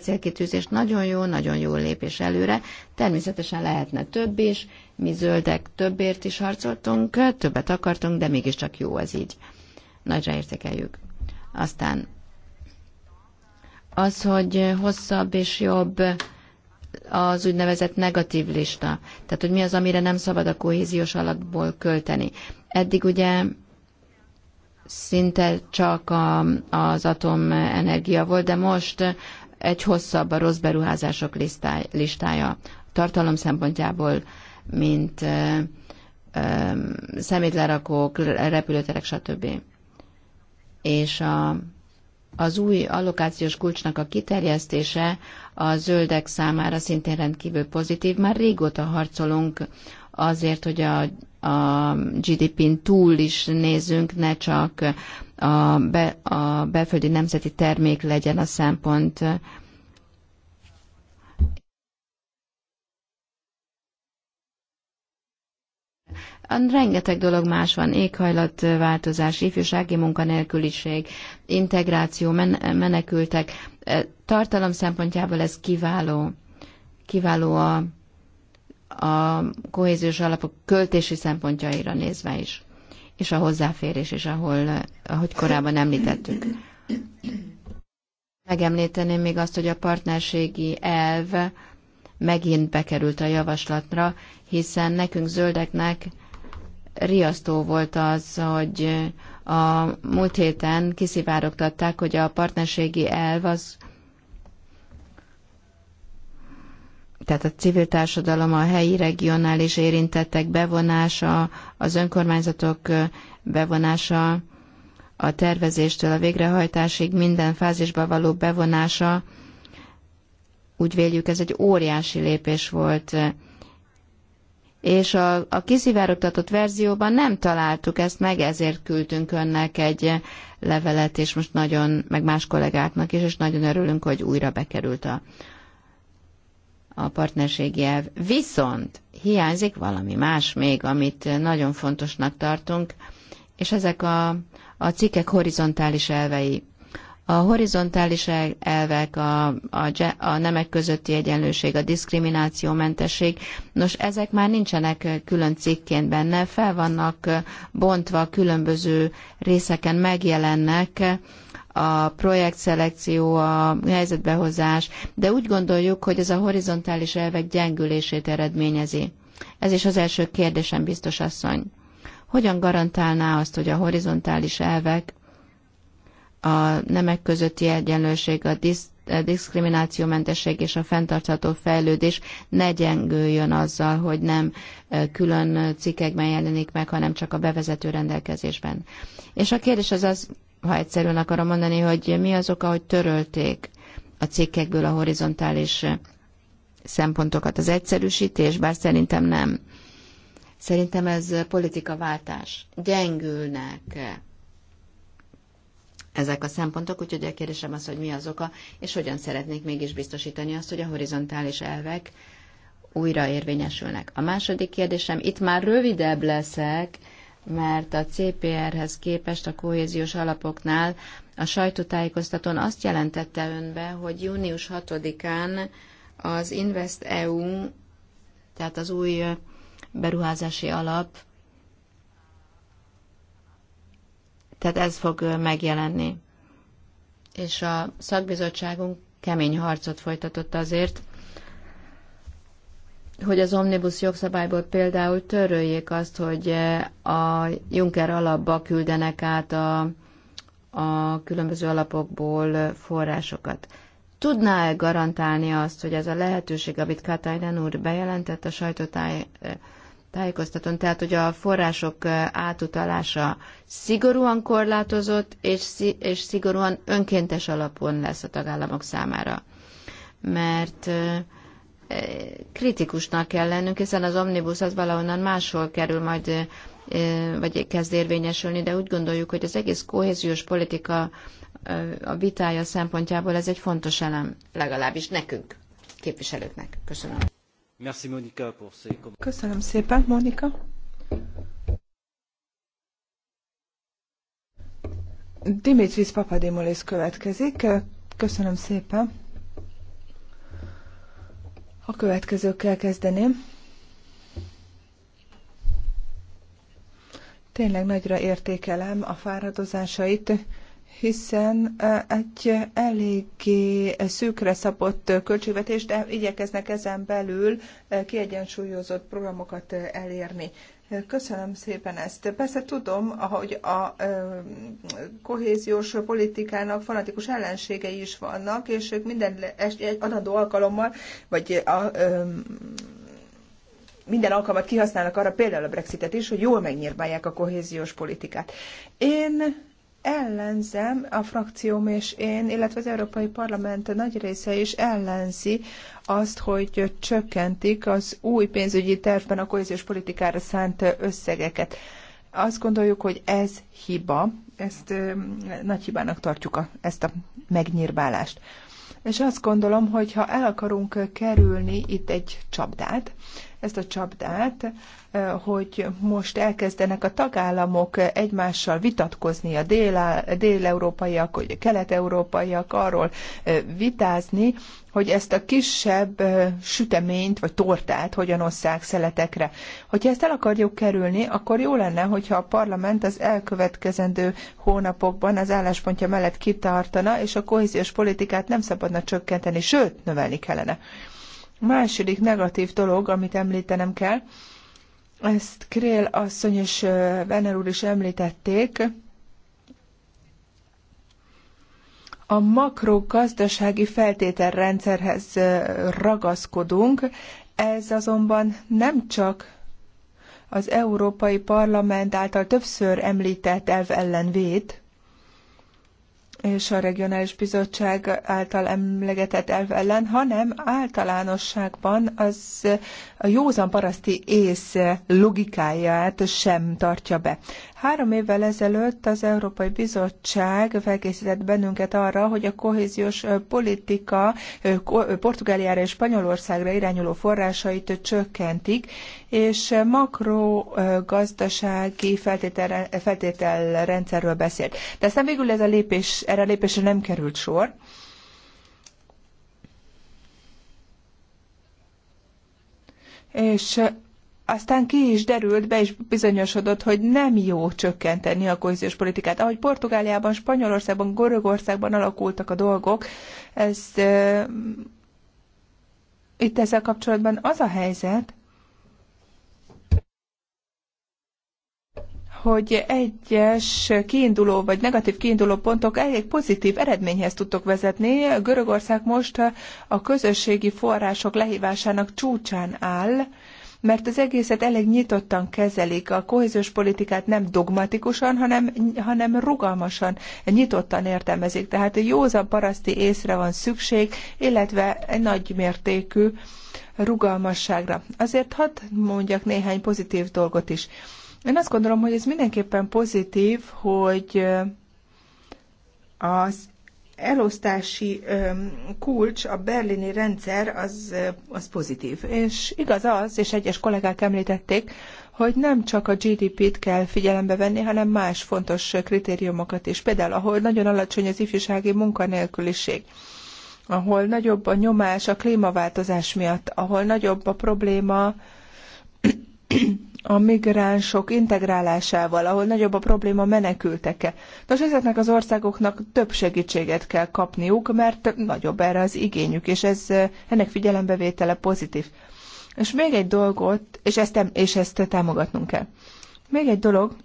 célkitűzés nagyon jó, nagyon jó lépés előre. Természetesen lehetne több is, mi zöldek többért is harcoltunk, többet akartunk, de mégiscsak jó az így. Nagyra értékeljük. Aztán az, hogy hosszabb és jobb az úgynevezett negatív lista. Tehát, hogy mi az, amire nem szabad a kohéziós alapból költeni. Eddig ugye szinte csak a, az atomenergia volt, de most egy hosszabb a rossz beruházások listáj, listája tartalom szempontjából, mint e, e, szemétlerakók, repülőterek, stb. És a, az új allokációs kulcsnak a kiterjesztése a zöldek számára szintén rendkívül pozitív. Már régóta harcolunk azért, hogy a a GDP-n túl is nézzünk, ne csak a, be, a belföldi nemzeti termék legyen a szempont. Rengeteg dolog más van, éghajlatváltozás, ifjúsági munkanélküliség, integráció, men- menekültek. Tartalom szempontjából ez kiváló. Kiváló a a kohéziós alapok költési szempontjaira nézve is, és a hozzáférés is, ahol, ahogy korábban említettük. Megemlíteném még azt, hogy a partnerségi elv megint bekerült a javaslatra, hiszen nekünk zöldeknek riasztó volt az, hogy a múlt héten kiszivárogtatták, hogy a partnerségi elv az tehát a civil társadalom, a helyi regionális érintettek bevonása, az önkormányzatok bevonása, a tervezéstől a végrehajtásig minden fázisba való bevonása, úgy véljük ez egy óriási lépés volt. És a, a kiszivárogtatott verzióban nem találtuk ezt meg, ezért küldtünk önnek egy levelet, és most nagyon, meg más kollégáknak is, és nagyon örülünk, hogy újra bekerült a, a partnerségi elv. Viszont hiányzik valami más még, amit nagyon fontosnak tartunk, és ezek a, a cikkek horizontális elvei. A horizontális elvek, a, a, a nemek közötti egyenlőség, a diszkriminációmentesség, nos, ezek már nincsenek külön cikként benne, fel vannak bontva, különböző részeken megjelennek, a projektszelekció, a helyzetbehozás, de úgy gondoljuk, hogy ez a horizontális elvek gyengülését eredményezi. Ez is az első kérdésem, biztos asszony. Hogyan garantálná azt, hogy a horizontális elvek, a nemek közötti egyenlőség, a disz a diszkriminációmentesség és a fenntartható fejlődés ne gyengüljön azzal, hogy nem külön cikkekben jelenik meg, hanem csak a bevezető rendelkezésben. És a kérdés az az, ha egyszerűen akarom mondani, hogy mi az oka, hogy törölték a cikkekből a horizontális eh, szempontokat. Az egyszerűsítés, bár szerintem nem. Szerintem ez politikaváltás. Gyengülnek eh, ezek a szempontok, úgyhogy a kérdésem az, hogy mi az oka, és hogyan szeretnék mégis biztosítani azt, hogy a horizontális elvek újra érvényesülnek. A második kérdésem, itt már rövidebb leszek, mert a CPR-hez képest a kohéziós alapoknál a sajtótájékoztatón azt jelentette önbe, hogy június 6-án az Invest EU, tehát az új beruházási alap, tehát ez fog megjelenni. És a szakbizottságunk kemény harcot folytatott azért, hogy az omnibus jogszabályból például töröljék azt, hogy eh, a Juncker alapba küldenek át a, a különböző alapokból forrásokat. Tudná-e garantálni azt, hogy ez a lehetőség, amit Katainen úr bejelentett a sajtótájékoztatón, eh, tehát hogy a források eh, átutalása szigorúan korlátozott és, és szigorúan önkéntes alapon lesz a tagállamok számára? Mert kritikusnak kell lennünk, hiszen az omnibus az valahonnan máshol kerül majd, vagy kezd érvényesülni, de úgy gondoljuk, hogy az egész kohéziós politika a vitája szempontjából ez egy fontos elem, legalábbis nekünk, képviselőknek. Köszönöm. Merci pour ces... Köszönöm szépen, Monika. Dimitris Papadémolis következik. Köszönöm szépen. A következőkkel kezdeném. Tényleg nagyra értékelem a fáradozásait, hiszen e, egy eléggé szűkre szabott költségvetés, de igyekeznek ezen belül e, kiegyensúlyozott programokat e, elérni. Köszönöm szépen ezt. Persze tudom, hogy a kohéziós politikának fanatikus ellenségei is vannak, és ők minden egy adandó alkalommal, vagy a minden alkalmat kihasználnak arra, például a Brexitet is, hogy jól megnyírbálják a kohéziós politikát. Én ellenzem, a frakcióm és én, illetve az Európai Parlament nagy része is ellenzi azt, hogy csökkentik az új pénzügyi tervben a kohéziós politikára szánt összegeket. Azt gondoljuk, hogy ez hiba, ezt nagy hibának tartjuk a, ezt a megnyírbálást. És azt gondolom, hogy ha el akarunk kerülni itt egy csapdát, ezt a csapdát, hogy most elkezdenek a tagállamok egymással vitatkozni, a dél-európaiak, vagy a kelet-európaiak arról vitázni, hogy ezt a kisebb süteményt, vagy tortát hogyan osszák szeletekre. Hogyha ezt el akarjuk kerülni, akkor jó lenne, hogyha a parlament az elkövetkezendő hónapokban az álláspontja mellett kitartana, és a kohéziós politikát nem szabadna csökkenteni, sőt, növelni kellene. Második negatív dolog, amit említenem kell, ezt Krél asszony és Venner úr is említették, a makrogazdasági feltételrendszerhez ragaszkodunk, ez azonban nem csak az Európai Parlament által többször említett elv ellen véd, és a regionális bizottság által emlegetett elv ellen, hanem általánosságban az a józan paraszti ész logikáját sem tartja be. Három évvel ezelőtt az Európai Bizottság felkészített bennünket arra, hogy a kohéziós politika Portugáliára és Spanyolországra irányuló forrásait csökkentik, és makrogazdasági feltételrendszerről beszélt. De aztán végül ez a lépés, erre a lépésre nem került sor. És aztán ki is derült, be is bizonyosodott, hogy nem jó csökkenteni a kohéziós politikát. Ahogy Portugáliában, Spanyolországban, Görögországban alakultak a dolgok, ez e, itt ezzel kapcsolatban az a helyzet, hogy egyes kiinduló vagy negatív kiinduló pontok elég pozitív eredményhez tudtok vezetni. Görögország most a közösségi források lehívásának csúcsán áll, mert az egészet elég nyitottan kezelik, a kohéziós politikát nem dogmatikusan, hanem, hanem rugalmasan, nyitottan értelmezik. Tehát józan paraszti észre van szükség, illetve egy nagy mértékű rugalmasságra. Azért hadd mondjak néhány pozitív dolgot is. Én azt gondolom, hogy ez mindenképpen pozitív, hogy az elosztási kulcs, a berlini rendszer az, az pozitív. És igaz az, és egyes kollégák említették, hogy nem csak a GDP-t kell figyelembe venni, hanem más fontos kritériumokat is. Például, ahol nagyon alacsony az ifjúsági munkanélküliség, ahol nagyobb a nyomás a klímaváltozás miatt, ahol nagyobb a probléma a migránsok integrálásával, ahol nagyobb a probléma menekülteke. Nos, ezeknek az országoknak több segítséget kell kapniuk, mert nagyobb erre az igényük, és ez, eh, ennek figyelembevétele pozitív. És még egy dolgot, és ezt, és ezt támogatnunk kell. Még egy dolog,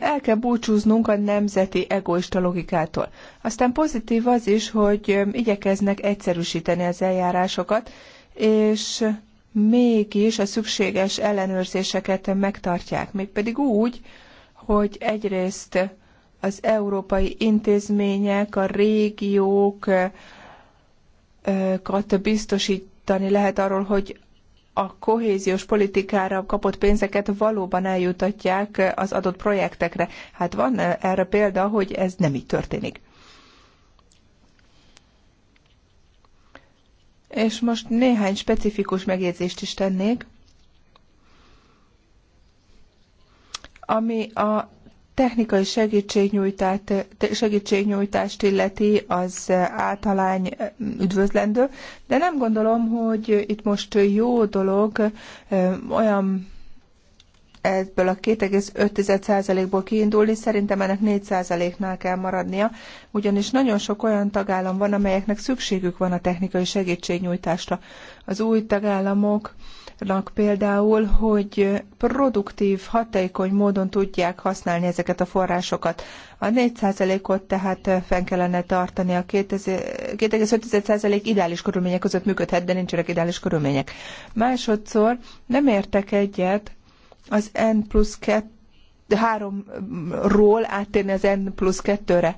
el kell búcsúznunk a nemzeti egoista logikától. Aztán pozitív az is, hogy igyekeznek egyszerűsíteni az eljárásokat, és mégis a szükséges ellenőrzéseket megtartják, mégpedig úgy, hogy egyrészt az európai intézmények, a régiókat biztosítani lehet arról, hogy a kohéziós politikára kapott pénzeket valóban eljutatják az adott projektekre. Hát van erre példa, hogy ez nem így történik. És most néhány specifikus megjegyzést is tennék, ami a technikai segítségnyújtást illeti, az általány üdvözlendő, de nem gondolom, hogy itt most jó dolog olyan ebből a 2,5%-ból kiindulni, szerintem ennek 4%-nál kell maradnia, ugyanis nagyon sok olyan tagállam van, amelyeknek szükségük van a technikai segítségnyújtásra. Az új tagállamok például, hogy produktív, hatékony módon tudják használni ezeket a forrásokat. A 4%-ot tehát fenn kellene tartani, a 2,5% ideális körülmények között működhet, de nincsenek ideális körülmények. Másodszor nem értek egyet az N plusz 3-ról áttérni az N plusz 2-re.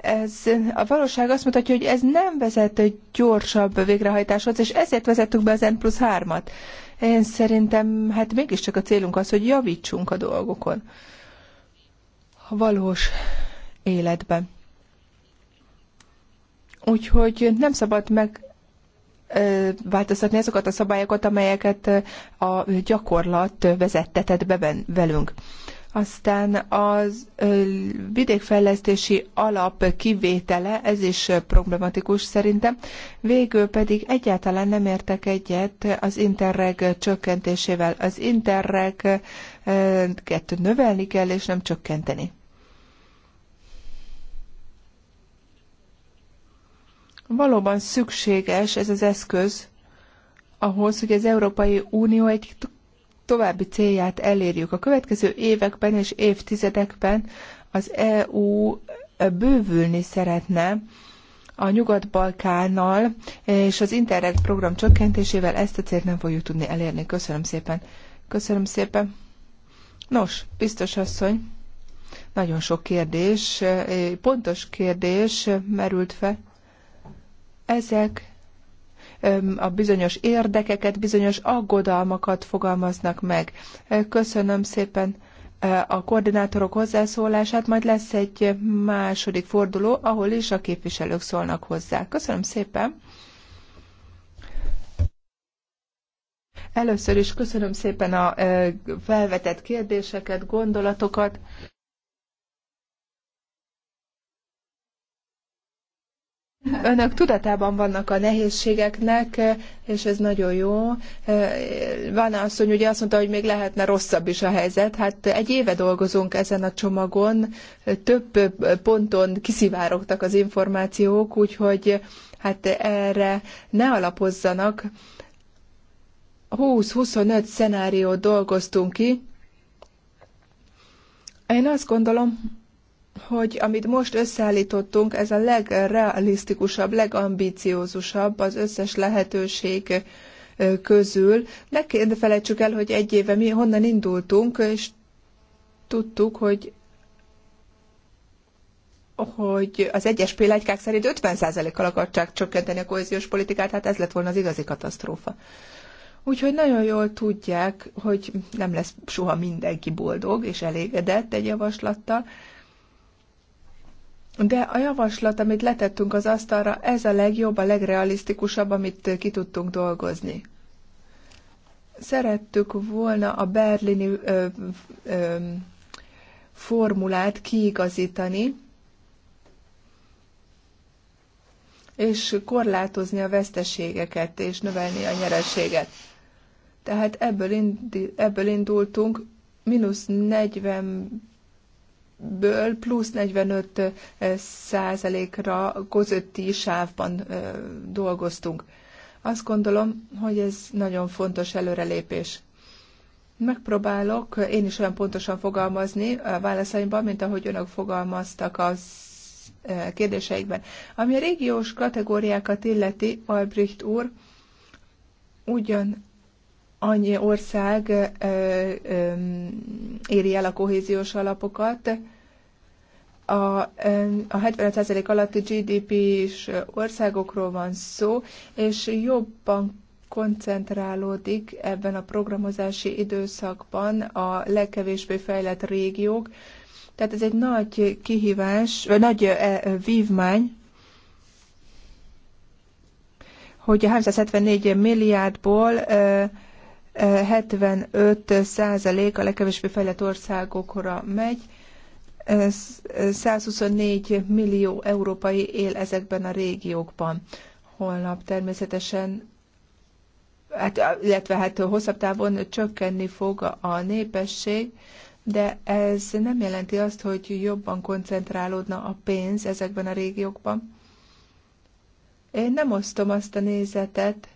Ez, a valóság azt mutatja, hogy ez nem vezet egy gyorsabb végrehajtáshoz, és ezért vezettük be az N plusz 3-at. Én szerintem, hát mégiscsak a célunk az, hogy javítsunk a dolgokon. A valós életben. Úgyhogy nem szabad meg változtatni azokat a szabályokat, amelyeket a gyakorlat vezettetett be velünk. Aztán az vidékfejlesztési alap kivétele, ez is problematikus szerintem. Végül pedig egyáltalán nem értek egyet az interreg csökkentésével. Az interreg kettő növelni kell, és nem csökkenteni. Valóban szükséges ez az eszköz ahhoz, hogy az Európai Unió egy további célját elérjük. A következő években és évtizedekben az EU bővülni szeretne a Nyugat-Balkánnal, és az Interreg program csökkentésével ezt a célt nem fogjuk tudni elérni. Köszönöm szépen. Köszönöm szépen. Nos, biztos asszony, nagyon sok kérdés, eh, pontos kérdés merült fel ezek a bizonyos érdekeket, bizonyos aggodalmakat fogalmaznak meg. Köszönöm szépen a koordinátorok hozzászólását, majd lesz egy második forduló, ahol is a képviselők szólnak hozzá. Köszönöm szépen! Először is köszönöm szépen a felvetett kérdéseket, gondolatokat. Önök tudatában vannak a nehézségeknek, és ez nagyon jó. Van asszony, ugye azt mondta, hogy még lehetne rosszabb is a helyzet. Hát egy éve dolgozunk ezen a csomagon, több ponton kiszivárogtak az információk, úgyhogy hát erre ne alapozzanak. 20-25 szenáriót dolgoztunk ki. Én azt gondolom, hogy amit most összeállítottunk, ez a legrealisztikusabb, legambiciózusabb az összes lehetőség közül. Ne felejtsük el, hogy egy éve mi honnan indultunk, és tudtuk, hogy hogy az egyes példák szerint 50%-kal akarták csökkenteni a kohéziós politikát, hát ez lett volna az igazi katasztrófa. Úgyhogy nagyon jól tudják, hogy nem lesz soha mindenki boldog és elégedett egy javaslattal, de a javaslat, amit letettünk az asztalra, ez a legjobb, a legrealisztikusabb, amit ki tudtunk dolgozni. Szerettük volna a berlini ö, ö, formulát kiigazítani, és korlátozni a veszteségeket, és növelni a nyereséget. Tehát ebből, indi, ebből indultunk, mínusz 40 ből plusz 45 százalékra közötti sávban dolgoztunk. Azt gondolom, hogy ez nagyon fontos előrelépés. Megpróbálok én is olyan pontosan fogalmazni a válaszaimban, mint ahogy önök fogalmaztak az kérdéseikben. Ami a régiós kategóriákat illeti, Albrecht úr, ugyan annyi ország éri el a kohéziós alapokat, a, a 75% alatti gdp is országokról van szó, és jobban koncentrálódik ebben a programozási időszakban a legkevésbé fejlett régiók. Tehát ez egy nagy kihívás, vagy nagy vívmány, hogy a 374 milliárdból 75 százalék a legkevésbé fejlett országokra megy. 124 millió európai él ezekben a régiókban. Holnap természetesen hát, illetve hát hosszabb távon csökkenni fog a népesség, de ez nem jelenti azt, hogy jobban koncentrálódna a pénz ezekben a régiókban. Én nem osztom azt a nézetet,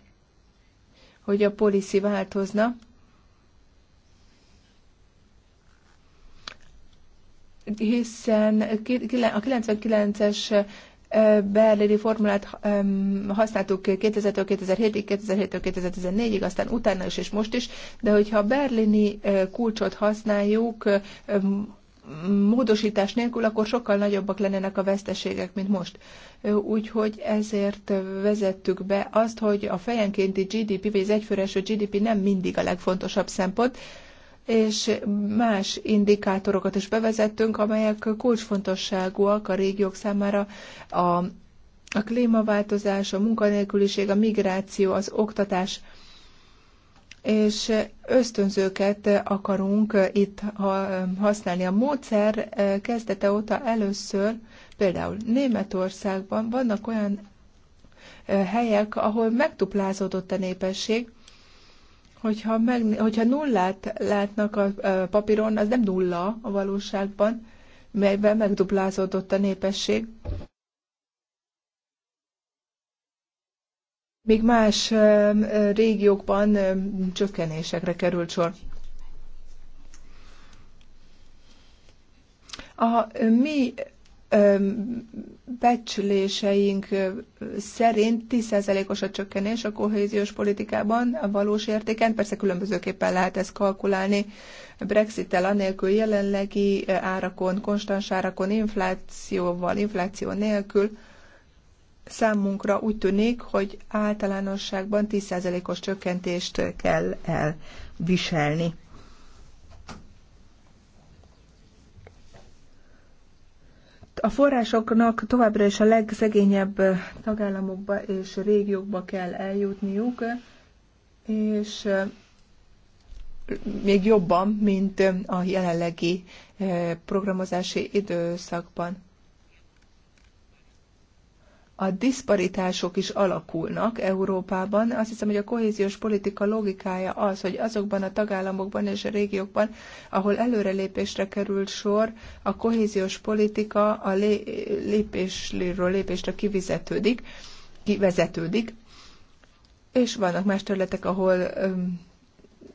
hogy a policy változna. Hiszen a 99-es berlini formulát használtuk 2000-től 2007-ig, 2007-től 2014-ig, aztán utána is és most is, de hogyha a berlini kulcsot használjuk, módosítás nélkül, akkor sokkal nagyobbak lennének a veszteségek, mint most. Úgyhogy ezért vezettük be azt, hogy a fejenkénti GDP, vagy az egyfőreső GDP nem mindig a legfontosabb szempont, és más indikátorokat is bevezettünk, amelyek kulcsfontosságúak a régiók számára, a, a klímaváltozás, a munkanélküliség, a migráció, az oktatás, és ösztönzőket akarunk itt használni. A módszer eh, kezdete óta először, például Németországban vannak olyan eh, helyek, ahol megduplázódott a népesség, hogyha, meg, hogyha nullát látnak a eh, papíron, az nem nulla a valóságban, melyben megduplázódott a népesség. még más régiókban csökkenésekre került sor. A mi becsléseink szerint 10%-os a csökkenés a kohéziós politikában, a valós értéken, persze különbözőképpen lehet ezt kalkulálni, Brexit-tel anélkül jelenlegi árakon, konstans árakon, inflációval, infláció nélkül, számunkra úgy tűnik, hogy általánosságban 10%-os csökkentést kell elviselni. A forrásoknak továbbra is a legszegényebb tagállamokba és régiókba kell eljutniuk, és még jobban, mint a jelenlegi eh, programozási időszakban a diszparitások is alakulnak Európában. Azt hiszem, hogy a kohéziós politika logikája az, hogy azokban a tagállamokban és a régiókban, ahol előrelépésre került sor, a kohéziós politika a lépésről lépésre kivizetődik, kivezetődik, és vannak más területek, ahol öm,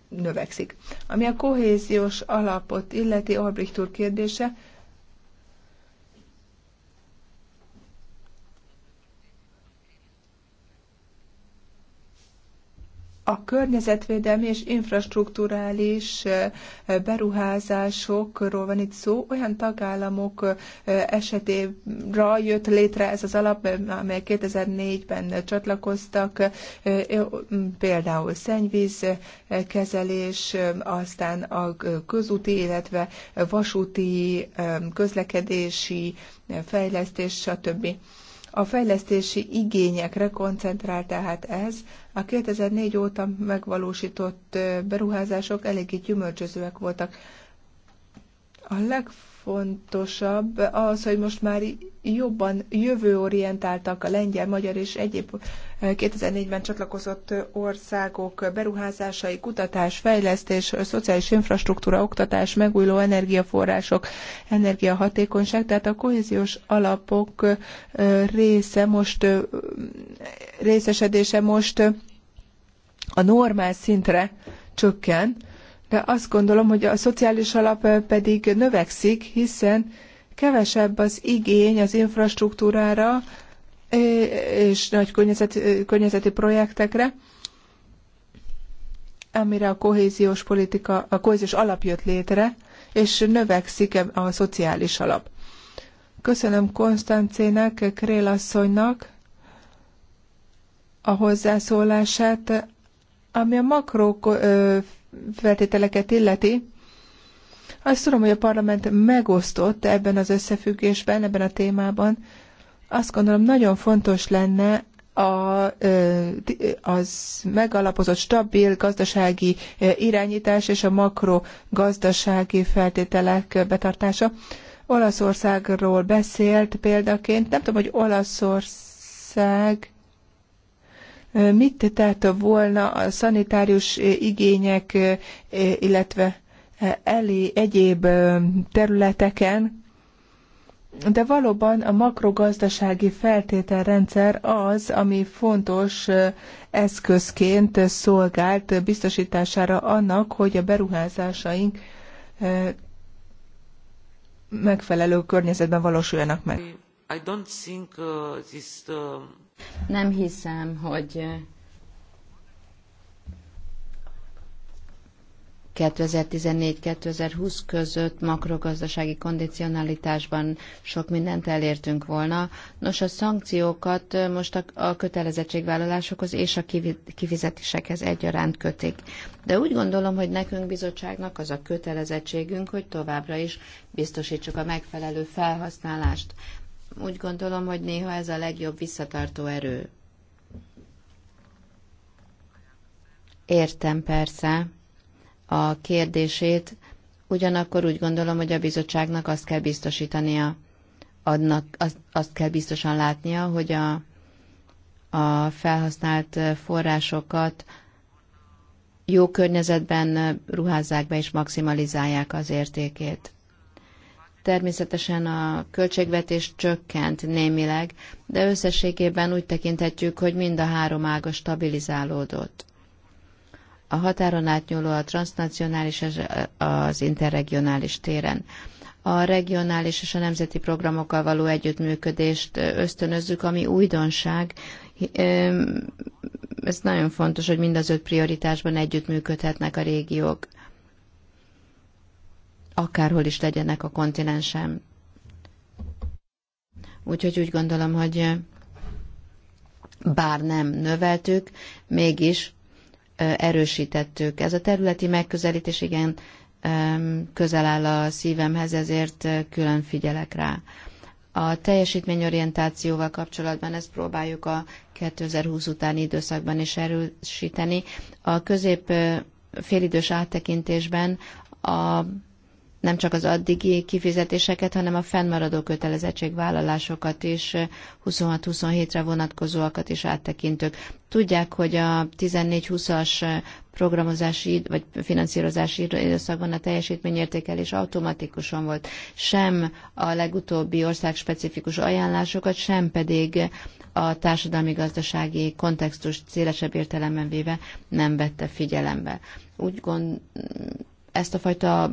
növekszik. Ami a kohéziós alapot illeti Albrecht úr kérdése, a környezetvédelmi és infrastruktúrális beruházásokról van itt szó. Olyan tagállamok esetére jött létre ez az alap, amely 2004-ben csatlakoztak, például szennyvíz kezelés, aztán a közúti, illetve vasúti közlekedési fejlesztés, stb a fejlesztési igényekre koncentrál tehát ez. A 2004 óta megvalósított beruházások eléggé gyümölcsözőek voltak. A legfontosabb legfontosabb az, hogy most már jobban jövőorientáltak a lengyel, magyar és egyéb 2004-ben eh, csatlakozott országok beruházásai, kutatás, fejlesztés, szociális infrastruktúra, oktatás, megújuló energiaforrások, energiahatékonyság, tehát a kohéziós alapok eh, része most, eh, részesedése most a normál szintre csökken, de azt gondolom, hogy a szociális alap pedig növekszik, hiszen kevesebb az igény az infrastruktúrára és nagy környezeti, környezeti projektekre, amire a kohéziós politika, a kohéziós alap jött létre, és növekszik e- a szociális alap. Köszönöm Konstancének, Krél asszonynak a hozzászólását, ami a makró feltételeket illeti, azt tudom, hogy a parlament megosztott ebben az összefüggésben, ebben a témában. Azt gondolom, nagyon fontos lenne a, az megalapozott stabil gazdasági irányítás és a makrogazdasági feltételek betartása. Olaszországról beszélt példaként. Nem tudom, hogy Olaszország Mit tett volna a szanitárius igények, illetve elé egyéb területeken, de valóban a makrogazdasági feltételrendszer az, ami fontos eszközként szolgált biztosítására annak, hogy a beruházásaink megfelelő környezetben valósuljanak meg. I don't think, uh, this, uh... Nem hiszem, hogy 2014-2020 eh, között makrogazdasági kondicionalitásban sok mindent elértünk volna. Nos, a szankciókat eh, most a, a kötelezettségvállalásokhoz és a kifizetésekhez egyaránt kötik. De úgy gondolom, hogy nekünk bizottságnak az a kötelezettségünk, hogy továbbra is biztosítsuk a megfelelő felhasználást úgy gondolom, hogy néha ez a legjobb visszatartó erő. Értem persze a kérdését, ugyanakkor úgy gondolom, hogy a bizottságnak azt kell biztosítania, adnak, azt, azt kell biztosan látnia, hogy a, a felhasznált forrásokat jó környezetben ruházzák be és maximalizálják az értékét. Természetesen a költségvetés csökkent némileg, de összességében úgy tekinthetjük, hogy mind a három ága stabilizálódott. A határon átnyúló a transnacionális és az interregionális téren. A regionális és a nemzeti programokkal való együttműködést ösztönözzük, ami újdonság. Ez nagyon fontos, hogy mind az öt prioritásban együttműködhetnek a régiók akárhol is legyenek a kontinensem. Úgyhogy úgy gondolom, hogy bár nem növeltük, mégis erősítettük. Ez a területi megközelítés igen közel áll a szívemhez, ezért külön figyelek rá. A teljesítményorientációval kapcsolatban ezt próbáljuk a 2020 utáni időszakban is erősíteni. A közép félidős áttekintésben a nem csak az addigi kifizetéseket, hanem a fennmaradó kötelezettségvállalásokat is, 26-27-re eh, vonatkozóakat is áttekintők. Tudják, hogy a 14-20-as eh, programozási vagy finanszírozási időszakban a teljesítményértékelés automatikusan volt. Sem a legutóbbi országspecifikus ajánlásokat, sem pedig a társadalmi-gazdasági kontextus szélesebb értelemben véve nem vette figyelembe. Úgy gond, ezt a fajta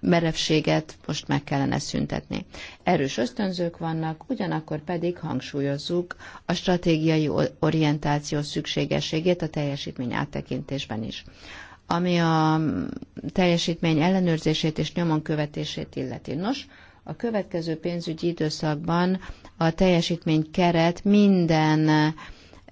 merevséget most meg kellene szüntetni. Erős ösztönzők vannak, ugyanakkor pedig hangsúlyozzuk a stratégiai orientáció szükségességét a teljesítmény áttekintésben is. Ami a teljesítmény ellenőrzését és nyomon követését illeti. Nos, a következő pénzügyi időszakban a teljesítmény keret minden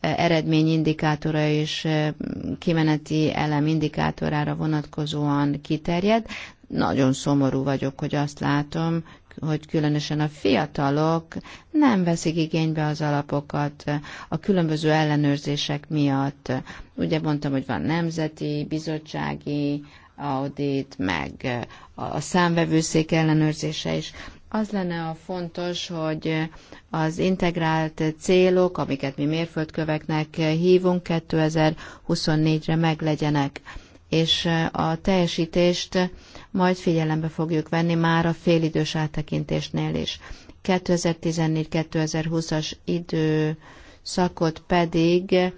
eh, indikátora és eh, kimeneti elem indikátorára vonatkozóan kiterjed, nagyon szomorú vagyok, hogy azt látom, hogy különösen a fiatalok nem veszik igénybe az alapokat a különböző ellenőrzések miatt. Ugye mondtam, hogy van nemzeti, bizottsági audit, meg a számvevőszék ellenőrzése is. Az lenne a fontos, hogy az integrált célok, amiket mi mérföldköveknek hívunk, 2024-re meglegyenek, és a teljesítést majd figyelembe fogjuk venni már a félidős áttekintésnél is. 2014-2020-as időszakot pedig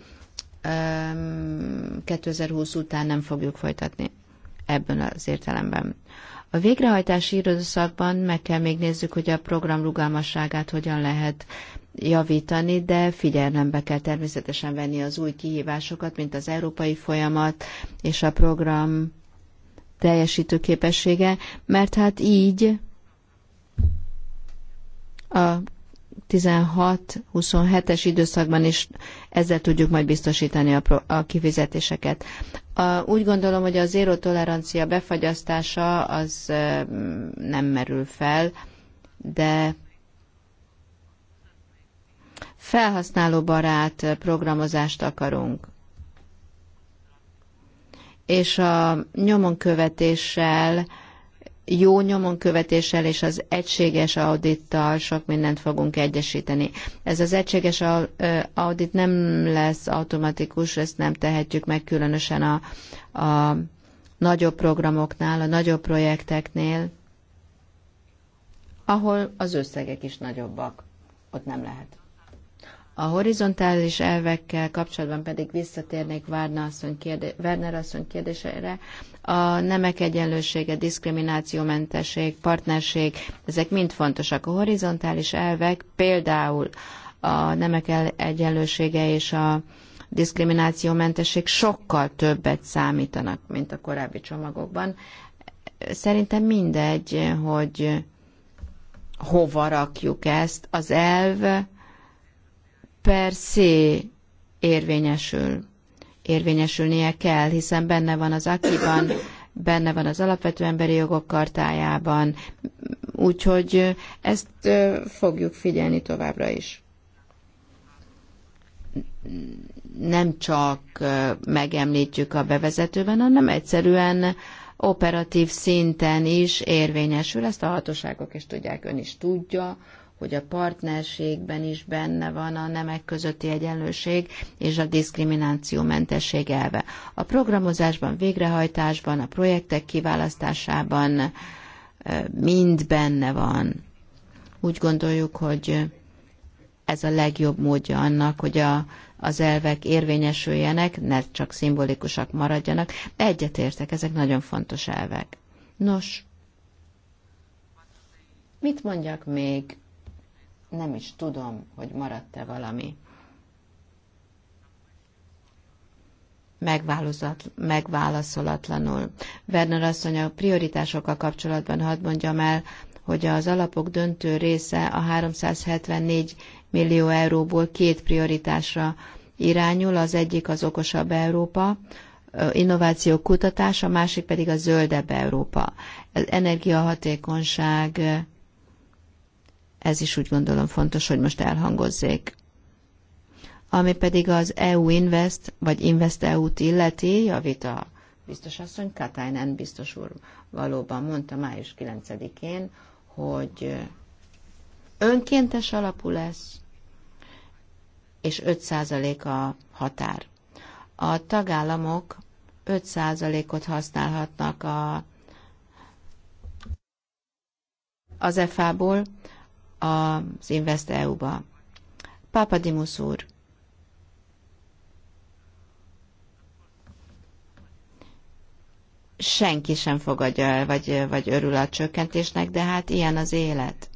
2020 után nem fogjuk folytatni ebben az értelemben. A végrehajtási időszakban meg kell még nézzük, hogy a program rugalmasságát hogyan lehet javítani, de figyelembe kell természetesen venni az új kihívásokat, mint az európai folyamat és a program teljesítő képessége, mert hát így a 16-27-es időszakban is ezzel tudjuk majd biztosítani a, a kifizetéseket. A, úgy gondolom, hogy a zéró tolerancia befagyasztása az nem merül fel, de felhasználóbarát programozást akarunk és a nyomonkövetéssel, jó nyomonkövetéssel és az egységes audittal sok mindent fogunk egyesíteni. Ez az egységes audit nem lesz automatikus, ezt nem tehetjük meg különösen a, a nagyobb programoknál, a nagyobb projekteknél, ahol az összegek is nagyobbak. Ott nem lehet. A horizontális elvekkel kapcsolatban pedig visszatérnék Várna asszony kérde- Werner asszony kérdésére. A nemek egyenlősége, diszkriminációmentesség, partnerség, ezek mind fontosak. A horizontális elvek például a nemek egyenlősége és a diszkriminációmentesség sokkal többet számítanak, mint a korábbi csomagokban. Szerintem mindegy, hogy hova rakjuk ezt. Az elv per se érvényesül. Érvényesülnie kell, hiszen benne van az akiban, benne van az alapvető emberi jogok kartájában, úgyhogy ezt fogjuk figyelni továbbra is. Nem csak megemlítjük a bevezetőben, hanem egyszerűen operatív szinten is érvényesül, ezt a hatóságok is tudják, ön is tudja, hogy a partnerségben is benne van a nemek közötti egyenlőség és a mentesség elve. A programozásban, végrehajtásban, a projektek kiválasztásában mind benne van. Úgy gondoljuk, hogy ez a legjobb módja annak, hogy a, az elvek érvényesüljenek, ne csak szimbolikusak maradjanak. Egyetértek, ezek nagyon fontos elvek. Nos, mit mondjak még? nem is tudom, hogy maradt-e valami. megválaszolatlanul. Werner asszony a prioritásokkal kapcsolatban hadd mondjam el, hogy az alapok döntő része a 374 millió euróból két prioritásra irányul, az egyik az okosabb Európa, innováció kutatás, a másik pedig a zöldebb Európa, energiahatékonyság, ez is úgy gondolom fontos, hogy most elhangozzék. Ami pedig az EU Invest, vagy Invest EU-t illeti, javít a biztos asszony, Katainen biztos úr valóban mondta május 9-én, hogy önkéntes alapú lesz, és 5% a határ. A tagállamok 5%-ot használhatnak a, az EFA-ból az Invest EU-ba. Papadimus úr. Senki sem fogadja el, vagy, vagy örül a csökkentésnek, de hát ilyen az élet.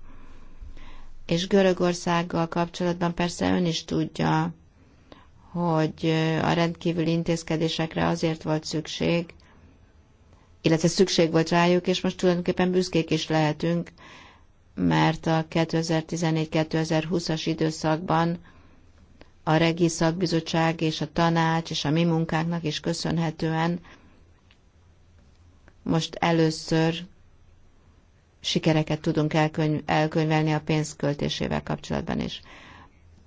És Görögországgal kapcsolatban persze ön is tudja, hogy a rendkívüli intézkedésekre azért volt szükség, illetve szükség volt rájuk, és most tulajdonképpen büszkék is lehetünk, mert a 2014-2020-as időszakban a Regi Szakbizottság és a tanács és a mi munkánknak is köszönhetően most először sikereket tudunk elkönyv, elkönyvelni a pénzköltésével kapcsolatban is.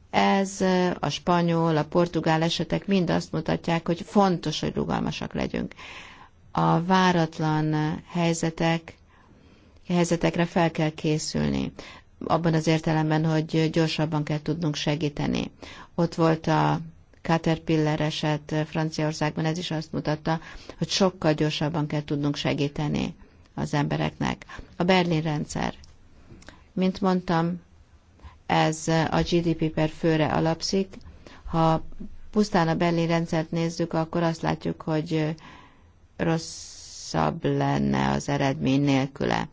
Ez a spanyol, a portugál esetek mind azt mutatják, hogy fontos, hogy rugalmasak legyünk. A váratlan helyzetek helyzetekre fel kell készülni. Abban az értelemben, hogy gyorsabban kell tudnunk segíteni. Ott volt a Caterpillar eset Franciaországban, ez is azt mutatta, hogy sokkal gyorsabban kell tudnunk segíteni az embereknek. A Berlin rendszer. Mint mondtam, ez a GDP per főre alapszik. Ha pusztán a Berlin rendszert nézzük, akkor azt látjuk, hogy rosszabb lenne az eredmény nélküle.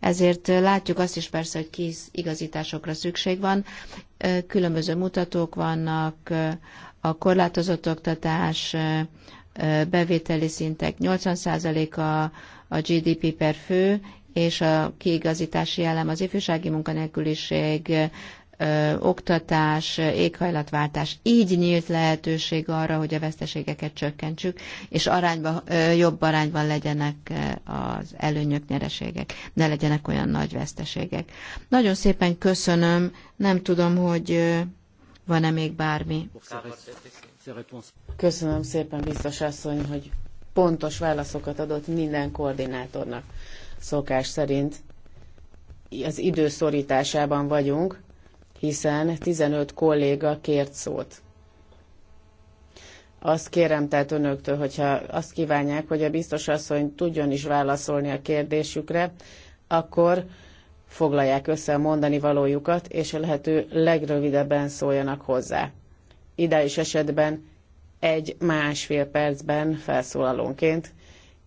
Ezért látjuk azt is persze, hogy kész igazításokra szükség van. Különböző mutatók vannak, a korlátozott oktatás, bevételi szintek 80%-a a GDP per fő, és a kiigazítási elem az ifjúsági munkanélküliség ö, oktatás, éghajlatváltás. Így nyílt lehetőség arra, hogy a veszteségeket csökkentsük, és arányba, ö, jobb arányban legyenek az előnyök, nyereségek, ne legyenek olyan nagy veszteségek. Nagyon szépen köszönöm, nem tudom, hogy van-e még bármi. Köszönöm szépen, biztos asszony, hogy pontos válaszokat adott minden koordinátornak. Szokás szerint az időszorításában vagyunk, hiszen 15 kolléga kért szót. Azt kérem tehát önöktől, hogyha azt kívánják, hogy a biztos asszony tudjon is válaszolni a kérdésükre, akkor foglalják össze a mondani valójukat, és a lehető legrövidebben szóljanak hozzá. Ideális esetben egy másfél percben felszólalónként,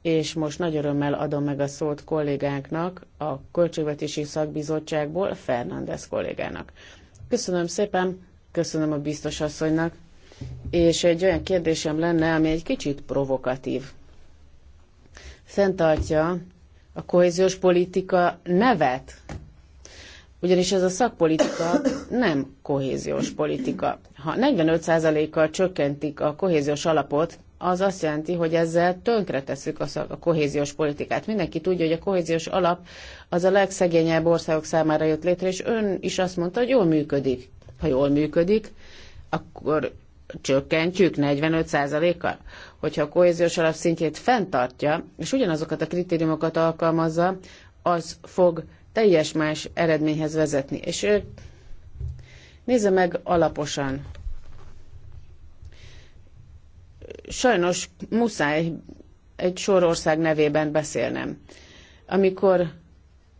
és most nagy örömmel adom meg a szót kollégánknak, a Költségvetési Szakbizottságból, Fernández kollégának. Köszönöm szépen, köszönöm a biztos asszonynak, és egy olyan kérdésem lenne, ami egy kicsit provokatív. Fentartja a kohéziós politika nevet, ugyanis ez a szakpolitika nem kohéziós politika. Ha 45%-kal csökkentik a kohéziós alapot, az azt jelenti, hogy ezzel tönkre a, a kohéziós politikát. Mindenki tudja, hogy a kohéziós alap az a legszegényebb országok számára jött létre, és ön is azt mondta, hogy jól működik. Ha jól működik, akkor csökkentjük 45%-kal. Hogyha a kohéziós alap szintjét fenntartja, és ugyanazokat a kritériumokat alkalmazza, az fog teljes más eredményhez vezetni. És ő nézze meg alaposan, sajnos muszáj egy sor ország nevében beszélnem. Amikor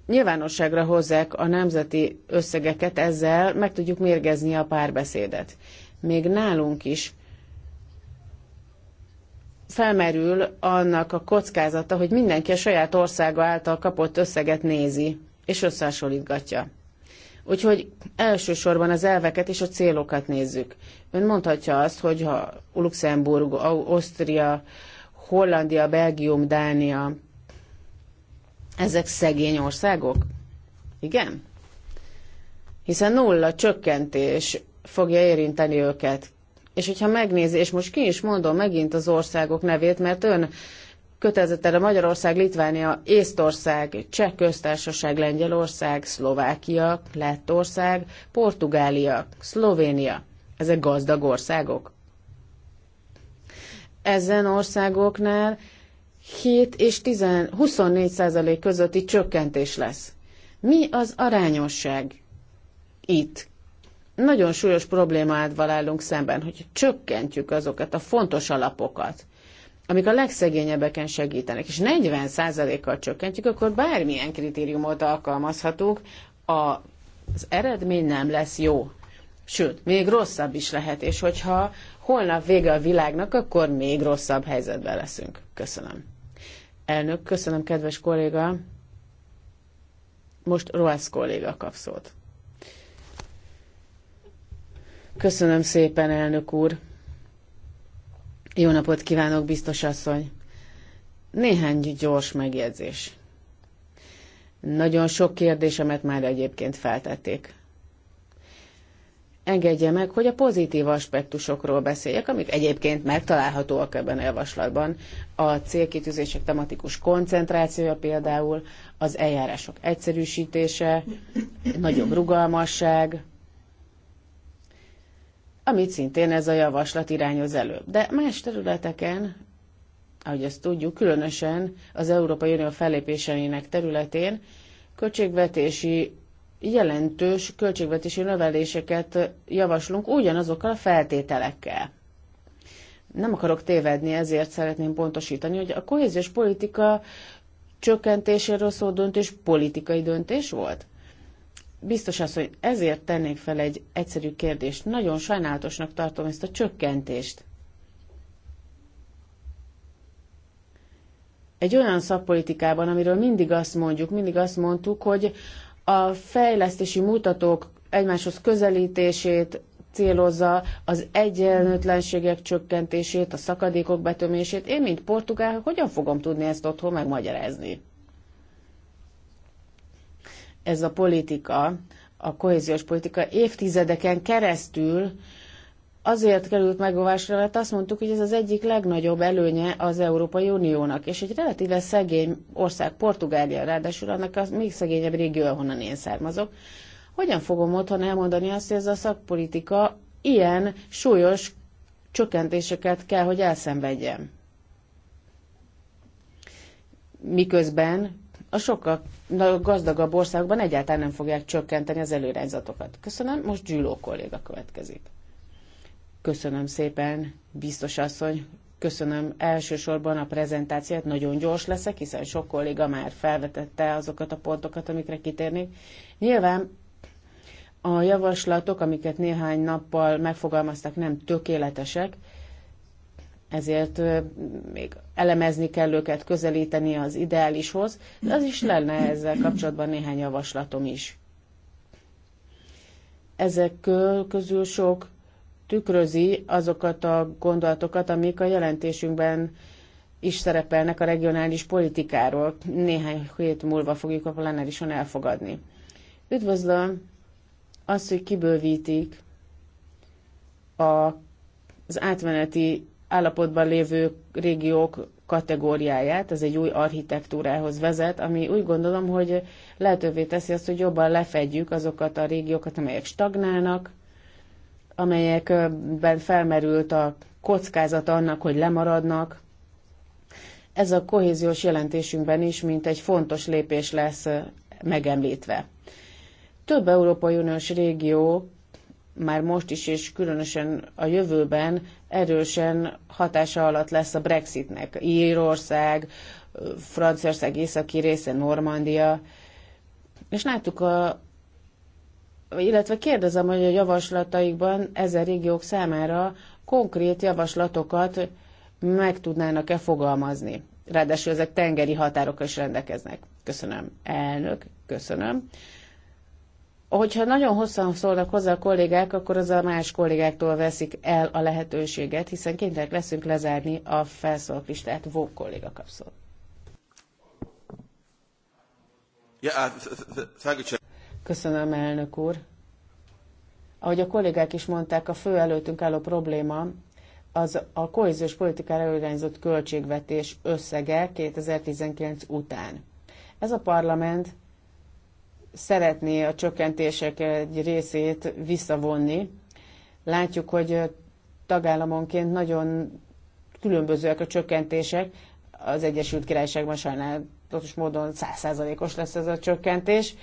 nyilvánosságra hozzák a nemzeti összegeket, ezzel meg tudjuk mérgezni a párbeszédet. Még nálunk is felmerül annak a kockázata, hogy mindenki a saját országa által kapott összeget nézi és összehasonlítgatja. Úgyhogy elsősorban az elveket és a célokat nézzük. Ön mondhatja azt, hogy ha Luxemburg, Ausztria, Hollandia, Belgium, Dánia, ezek szegény országok? Igen? Hiszen nulla csökkentés fogja érinteni őket. És hogyha megnézi, és most ki is mondom megint az országok nevét, mert ön kötelezettel a Magyarország, Litvánia, Észtország, Cseh köztársaság, Lengyelország, Szlovákia, Lettország, Portugália, Szlovénia. Ezek gazdag országok. Ezen országoknál 7 és 10, 24 százalék közötti csökkentés lesz. Mi az arányosság itt? Nagyon súlyos problémával állunk szemben, hogy csökkentjük azokat a fontos alapokat, amik a legszegényebbeken segítenek, és 40%-kal csökkentjük, akkor bármilyen kritériumot alkalmazhatunk, az eredmény nem lesz jó. Sőt, még rosszabb is lehet, és hogyha holnap vége a világnak, akkor még rosszabb helyzetben leszünk. Köszönöm. Elnök, köszönöm, kedves kolléga. Most Roász kolléga kap szót. Köszönöm szépen, elnök úr. Jó napot kívánok, biztos asszony! Néhány gyors megjegyzés. Nagyon sok kérdésemet már egyébként feltették. Engedje meg, hogy a pozitív aspektusokról beszéljek, amik egyébként megtalálhatóak ebben a javaslatban. A célkitűzések tematikus koncentrációja például, az eljárások egyszerűsítése, nagyobb rugalmasság, amit szintén ez a javaslat irányoz elő. De más területeken, ahogy ezt tudjuk, különösen az Európai Unió felépéseinek területén költségvetési jelentős költségvetési növeléseket javaslunk ugyanazokkal a feltételekkel. Nem akarok tévedni, ezért szeretném pontosítani, hogy a kohéziós politika csökkentéséről szó döntés politikai döntés volt biztos az, hogy ezért tennék fel egy egyszerű kérdést. Nagyon sajnálatosnak tartom ezt a csökkentést. Egy olyan szakpolitikában, amiről mindig azt mondjuk, mindig azt mondtuk, hogy a fejlesztési mutatók egymáshoz közelítését célozza az egyenlőtlenségek csökkentését, a szakadékok betömését. Én, mint portugál, hogyan fogom tudni ezt otthon megmagyarázni? ez a politika, a kohéziós politika évtizedeken keresztül azért került megóvásra, mert azt mondtuk, hogy ez az egyik legnagyobb előnye az Európai Uniónak, és egy relatíve szegény ország, Portugália ráadásul, annak a még szegényebb régió, ahonnan én származok. Hogyan fogom otthon elmondani azt, hogy ez a szakpolitika ilyen súlyos csökkentéseket kell, hogy elszenvedjem? Miközben a sokkal gazdagabb országban egyáltalán nem fogják csökkenteni az előrányzatokat. Köszönöm, most Gyűló kolléga következik. Köszönöm szépen, biztos asszony, köszönöm elsősorban a prezentációt, nagyon gyors leszek, hiszen sok kolléga már felvetette azokat a pontokat, amikre kitérnék. Nyilván a javaslatok, amiket néhány nappal megfogalmaztak, nem tökéletesek, ezért még elemezni kell őket, közelíteni az ideálishoz, de az is lenne ezzel kapcsolatban néhány javaslatom is. Ezek közül sok tükrözi azokat a gondolatokat, amik a jelentésünkben is szerepelnek a regionális politikáról. Néhány hét múlva fogjuk a plenárison elfogadni. Üdvözlöm azt, hogy kibővítik a, az átmeneti állapotban lévő régiók kategóriáját, ez egy új architektúrához vezet, ami úgy gondolom, hogy lehetővé teszi azt, hogy jobban lefedjük azokat a régiókat, amelyek stagnálnak, amelyekben felmerült a kockázat annak, hogy lemaradnak. Ez a kohéziós jelentésünkben is, mint egy fontos lépés lesz megemlítve. Több Európai Uniós régió már most is, és különösen a jövőben erősen hatása alatt lesz a Brexitnek. Írország, Franciaország északi része, Normandia. És láttuk a illetve kérdezem, hogy a javaslataikban ezer régiók számára konkrét javaslatokat meg tudnának-e fogalmazni. Ráadásul ezek tengeri határok is rendelkeznek. Köszönöm, elnök, köszönöm hogyha nagyon hosszan szólnak hozzá a kollégák, akkor az a más kollégáktól veszik el a lehetőséget, hiszen kénytelenek leszünk lezárni a felszólalt listát. vó kolléga kapszol. Köszönöm, elnök úr. Ahogy a kollégák is mondták, a fő előttünk álló probléma az a kohéziós politikára irányzott költségvetés összege 2019 után. Ez a parlament szeretné a csökkentések egy részét visszavonni. Látjuk, hogy tagállamonként nagyon különbözőek a csökkentések. Az Egyesült Királyságban sajnálatos módon százszázalékos lesz ez a csökkentés.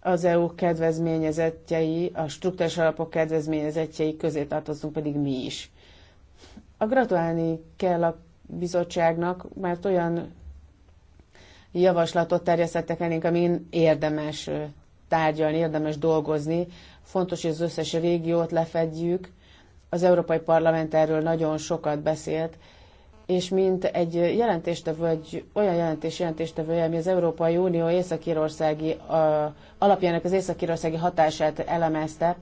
Az EU kedvezményezettjei, a struktúrás alapok kedvezményezettjei közé tartozunk pedig mi is. A gratulálni kell a bizottságnak, mert olyan javaslatot terjesztettek elénk, amin érdemes tárgyalni, érdemes dolgozni. Fontos, hogy az összes régiót lefedjük. Az Európai Parlament erről nagyon sokat beszélt, és mint egy jelentéstevő, egy olyan jelentés jelentéstevő, ami az Európai Unió északírországi alapjának az északírországi hatását elemezte,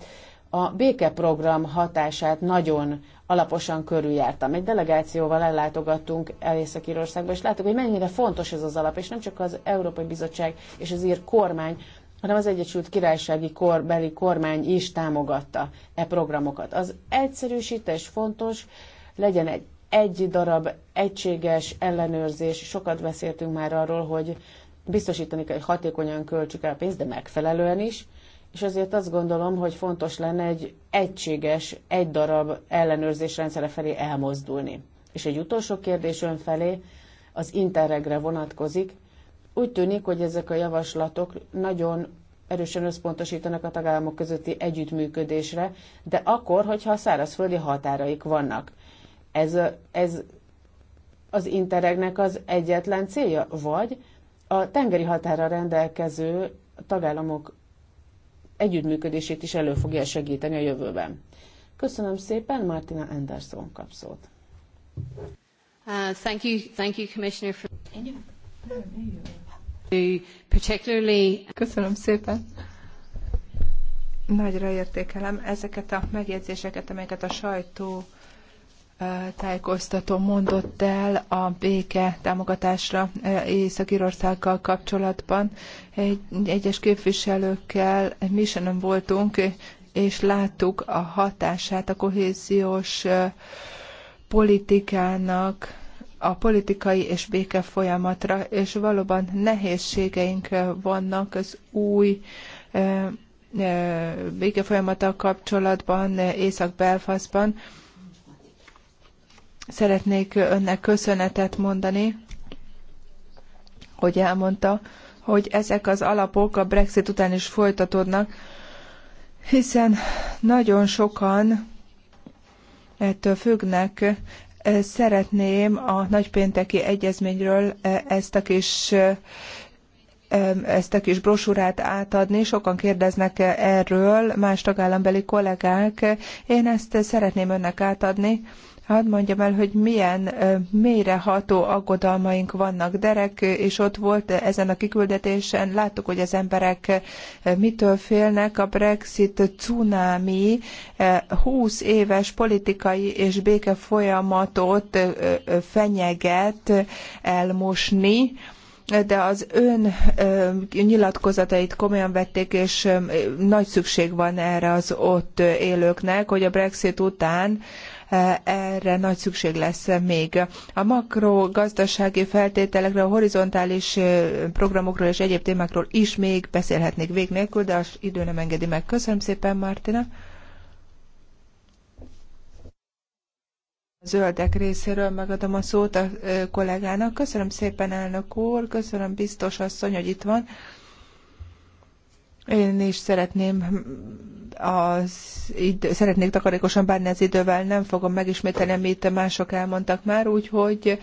a békeprogram hatását nagyon alaposan körüljártam. Egy delegációval ellátogattunk el Észak-Írországba, és láttuk, hogy mennyire fontos ez az alap, és nem csak az Európai Bizottság és az ír kormány, hanem az Egyesült Királysági korbeli kormány is támogatta e programokat. Az egyszerűsítés fontos, legyen egy egy darab egységes ellenőrzés, sokat beszéltünk már arról, hogy biztosítani kell, hogy hatékonyan költsük el a pénzt, de megfelelően is, és azért azt gondolom, hogy fontos lenne egy egységes, egy darab ellenőrzés rendszere felé elmozdulni. És egy utolsó kérdés ön felé, az interregre vonatkozik. Úgy tűnik, hogy ezek a javaslatok nagyon erősen összpontosítanak a tagállamok közötti együttműködésre, de akkor, hogyha a szárazföldi határaik vannak. Ez, ez az interregnek az egyetlen célja, vagy a tengeri határa rendelkező tagállamok együttműködését is elő fogja segíteni a jövőben. Köszönöm szépen, Martina Anderson kapszót. Uh, thank you, thank you, Commissioner. For... Particularly... Köszönöm szépen. Nagyra értékelem ezeket a megjegyzéseket, amelyeket a sajtó tájékoztató mondott el a béke támogatásra Észak-Írországgal kapcsolatban. Egy, egyes képviselőkkel egy missionon voltunk, és láttuk a hatását a kohéziós politikának a politikai és béke folyamatra, és valóban nehézségeink vannak az új béke folyamattal kapcsolatban Észak-Belfastban Szeretnék önnek köszönetet mondani, hogy elmondta, hogy ezek az alapok a Brexit után is folytatódnak, hiszen nagyon sokan ettől függnek. Szeretném a nagypénteki egyezményről ezt a kis ezt a kis brosúrát átadni. Sokan kérdeznek erről, más tagállambeli kollégák. Én ezt szeretném önnek átadni Hadd mondjam el, hogy milyen ható aggodalmaink vannak. Derek és ott volt ezen a kiküldetésen, láttuk, hogy az emberek mitől félnek. A Brexit cunámi 20 éves politikai és béke folyamatot fenyeget elmosni de az ön nyilatkozatait komolyan vették, és nagy szükség van erre az ott élőknek, hogy a Brexit után erre nagy szükség lesz még. A makrogazdasági feltételekre, a horizontális programokról és egyéb témákról is még beszélhetnék vég nélkül, de az idő nem engedi meg. Köszönöm szépen, Martina. A zöldek részéről megadom a szót a kollégának. Köszönöm szépen, elnök úr, köszönöm biztos asszony, hogy itt van. Én is szeretném az idő, szeretnék takarékosan bánni az idővel, nem fogom megismételni, amit mások elmondtak már, úgyhogy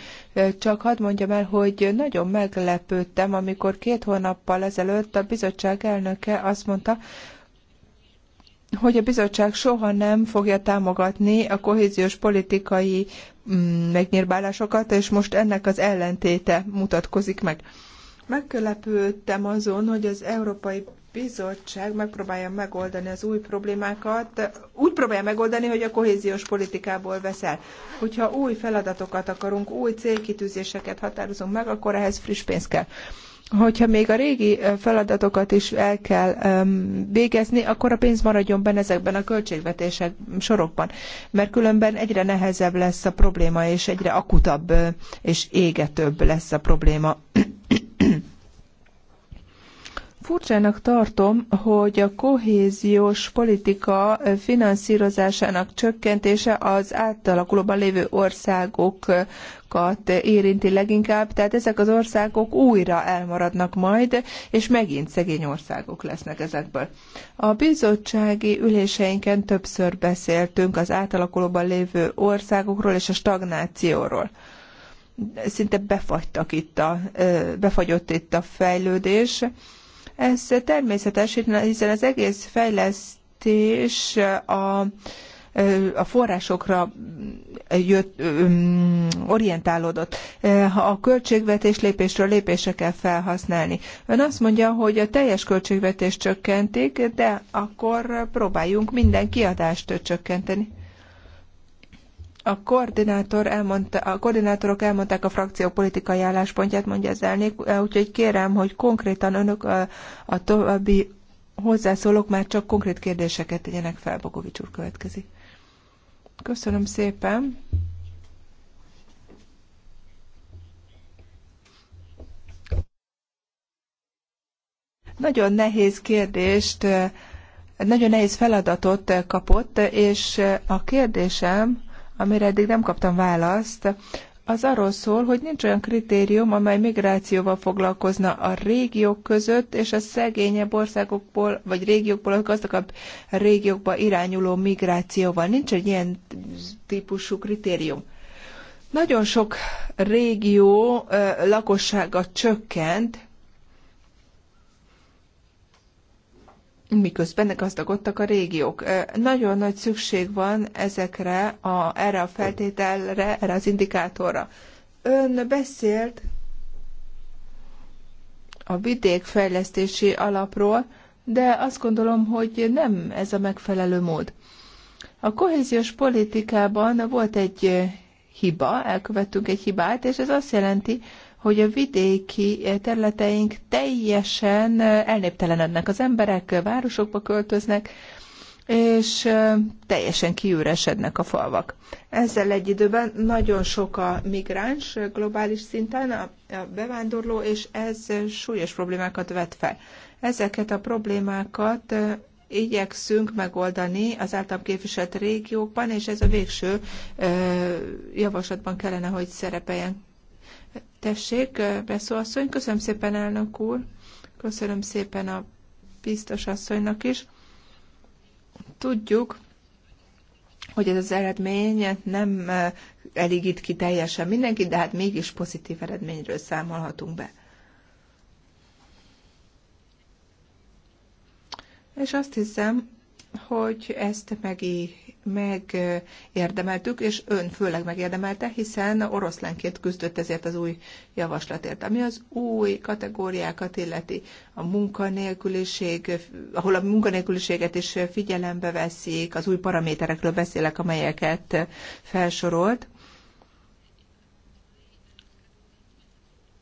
csak hadd mondjam el, hogy nagyon meglepődtem, amikor két hónappal ezelőtt a bizottság elnöke azt mondta, hogy a bizottság soha nem fogja támogatni a kohéziós politikai mm, megnyírbálásokat, és most ennek az ellentéte mutatkozik meg. Megkölepődtem azon, hogy az Európai bizottság megpróbálja megoldani az új problémákat, úgy próbálja megoldani, hogy a kohéziós politikából veszel. Hogyha új feladatokat akarunk, új célkitűzéseket határozunk meg, akkor ehhez friss pénz kell. Hogyha még a régi feladatokat is el kell um, végezni, akkor a pénz maradjon benne ezekben a költségvetések sorokban, mert különben egyre nehezebb lesz a probléma, és egyre akutabb és égetőbb lesz a probléma. Furcsának tartom, hogy a kohéziós politika finanszírozásának csökkentése az átalakulóban lévő országokat érinti leginkább, tehát ezek az országok újra elmaradnak majd, és megint szegény országok lesznek ezekből. A bizottsági üléseinken többször beszéltünk az átalakulóban lévő országokról és a stagnációról szinte befagytak itt a, befagyott itt a fejlődés. Ez természetes, hiszen az egész fejlesztés a a forrásokra jött, orientálódott. A költségvetés lépésről lépésre kell felhasználni. Ön azt mondja, hogy a teljes költségvetés csökkentik, de akkor próbáljunk minden kiadást csökkenteni. A koordinátor elmondta, a koordinátorok elmondták a frakció politikai álláspontját, mondja az elnék, úgyhogy kérem, hogy konkrétan önök a, a további hozzászólók már csak konkrét kérdéseket tegyenek fel, Bogovics úr következik. Köszönöm szépen. Nagyon nehéz kérdést, nagyon nehéz feladatot kapott, és a kérdésem amire eddig nem kaptam választ, az arról szól, hogy nincs olyan kritérium, amely migrációval foglalkozna a régiók között, és a szegényebb országokból, vagy régiókból, a gazdagabb régiókba irányuló migrációval. Nincs egy ilyen típusú kritérium. Nagyon sok régió lakossága csökkent, miközben gazdagodtak a régiók. Nagyon nagy szükség van ezekre, a, erre a feltételre, erre az indikátorra. Ön beszélt a vidékfejlesztési alapról, de azt gondolom, hogy nem ez a megfelelő mód. A kohéziós politikában volt egy hiba, elkövettünk egy hibát, és ez azt jelenti, hogy a vidéki eh, területeink teljesen eh, elnéptelenednek. Az emberek eh, városokba költöznek, és teljesen kiüresednek a falvak. Ezzel egy időben nagyon sok a migráns globális szinten, a bevándorló, és ez súlyos problémákat vet fel. Ezeket a problémákat igyekszünk megoldani az általam képviselt régiókban, és ez a végső javaslatban kellene, hogy szerepeljen. Tessék, beszóasszony, köszönöm szépen, elnök úr, köszönöm szépen a biztos asszonynak is. Tudjuk, hogy ez az eredmény nem elégít ki teljesen mindenkit, de hát mégis pozitív eredményről számolhatunk be. És azt hiszem, hogy ezt megi, megérdemeltük, és ön főleg megérdemelte, hiszen oroszlánként küzdött ezért az új javaslatért. Ami az új kategóriákat illeti, a munkanélküliség, ahol a munkanélküliséget is figyelembe veszik, az új paraméterekről beszélek, amelyeket felsorolt,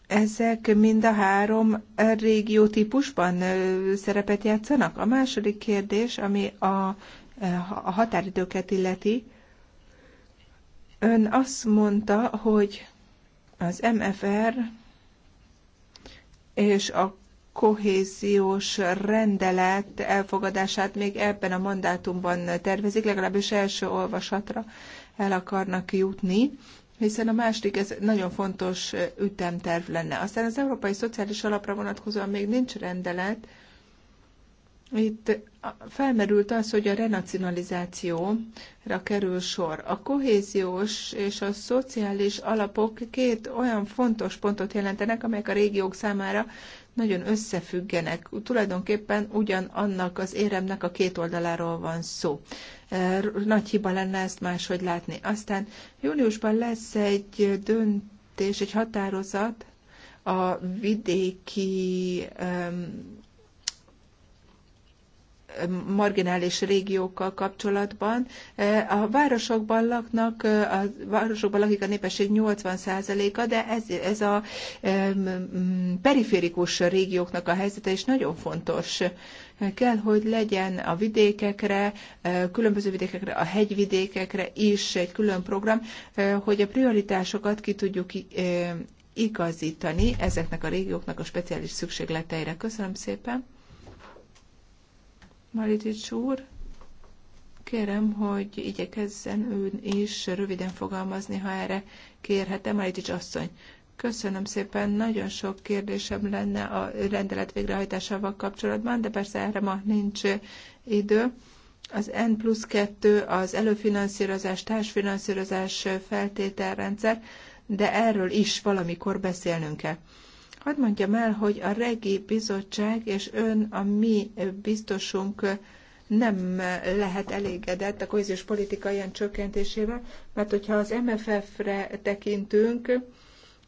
Ezek mind a három régió típusban szerepet játszanak? A második kérdés, ami a, a határidőket illeti, ön azt mondta, hogy az MFR és a kohéziós rendelet elfogadását még ebben a mandátumban tervezik, legalábbis első olvasatra el akarnak jutni hiszen a második ez nagyon fontos ütemterv lenne. Aztán az Európai Szociális Alapra vonatkozóan még nincs rendelet. Itt felmerült az, hogy a renacionalizációra kerül sor. A kohéziós és a szociális alapok két olyan fontos pontot jelentenek, amelyek a régiók számára nagyon összefüggenek. Tulajdonképpen ugyanannak az éremnek a két oldaláról van szó. E, nagy hiba lenne ezt máshogy látni. Aztán júliusban lesz egy döntés, egy határozat a vidéki marginális régiókkal kapcsolatban. A városokban laknak, a városokban lakik a népesség 80%-a, de ez, ez a periférikus régióknak a helyzete is nagyon fontos. Kell, hogy legyen a vidékekre, különböző vidékekre, a hegyvidékekre is egy külön program, hogy a prioritásokat ki tudjuk igazítani ezeknek a régióknak a speciális szükségleteire. Köszönöm szépen! Maritics úr, kérem, hogy igyekezzen ő is röviden fogalmazni, ha erre kérhetem, Maritics asszony. Köszönöm szépen, nagyon sok kérdésem lenne a rendelet végrehajtásával kapcsolatban, de persze erre ma nincs idő. Az N plusz 2 az előfinanszírozás, társfinanszírozás feltételrendszer, de erről is valamikor beszélnünk kell. Hadd mondjam el, hogy a Regi Bizottság és ön a mi biztosunk nem lehet elégedett a kohéziós politika ilyen csökkentésével, mert hogyha az MFF-re tekintünk,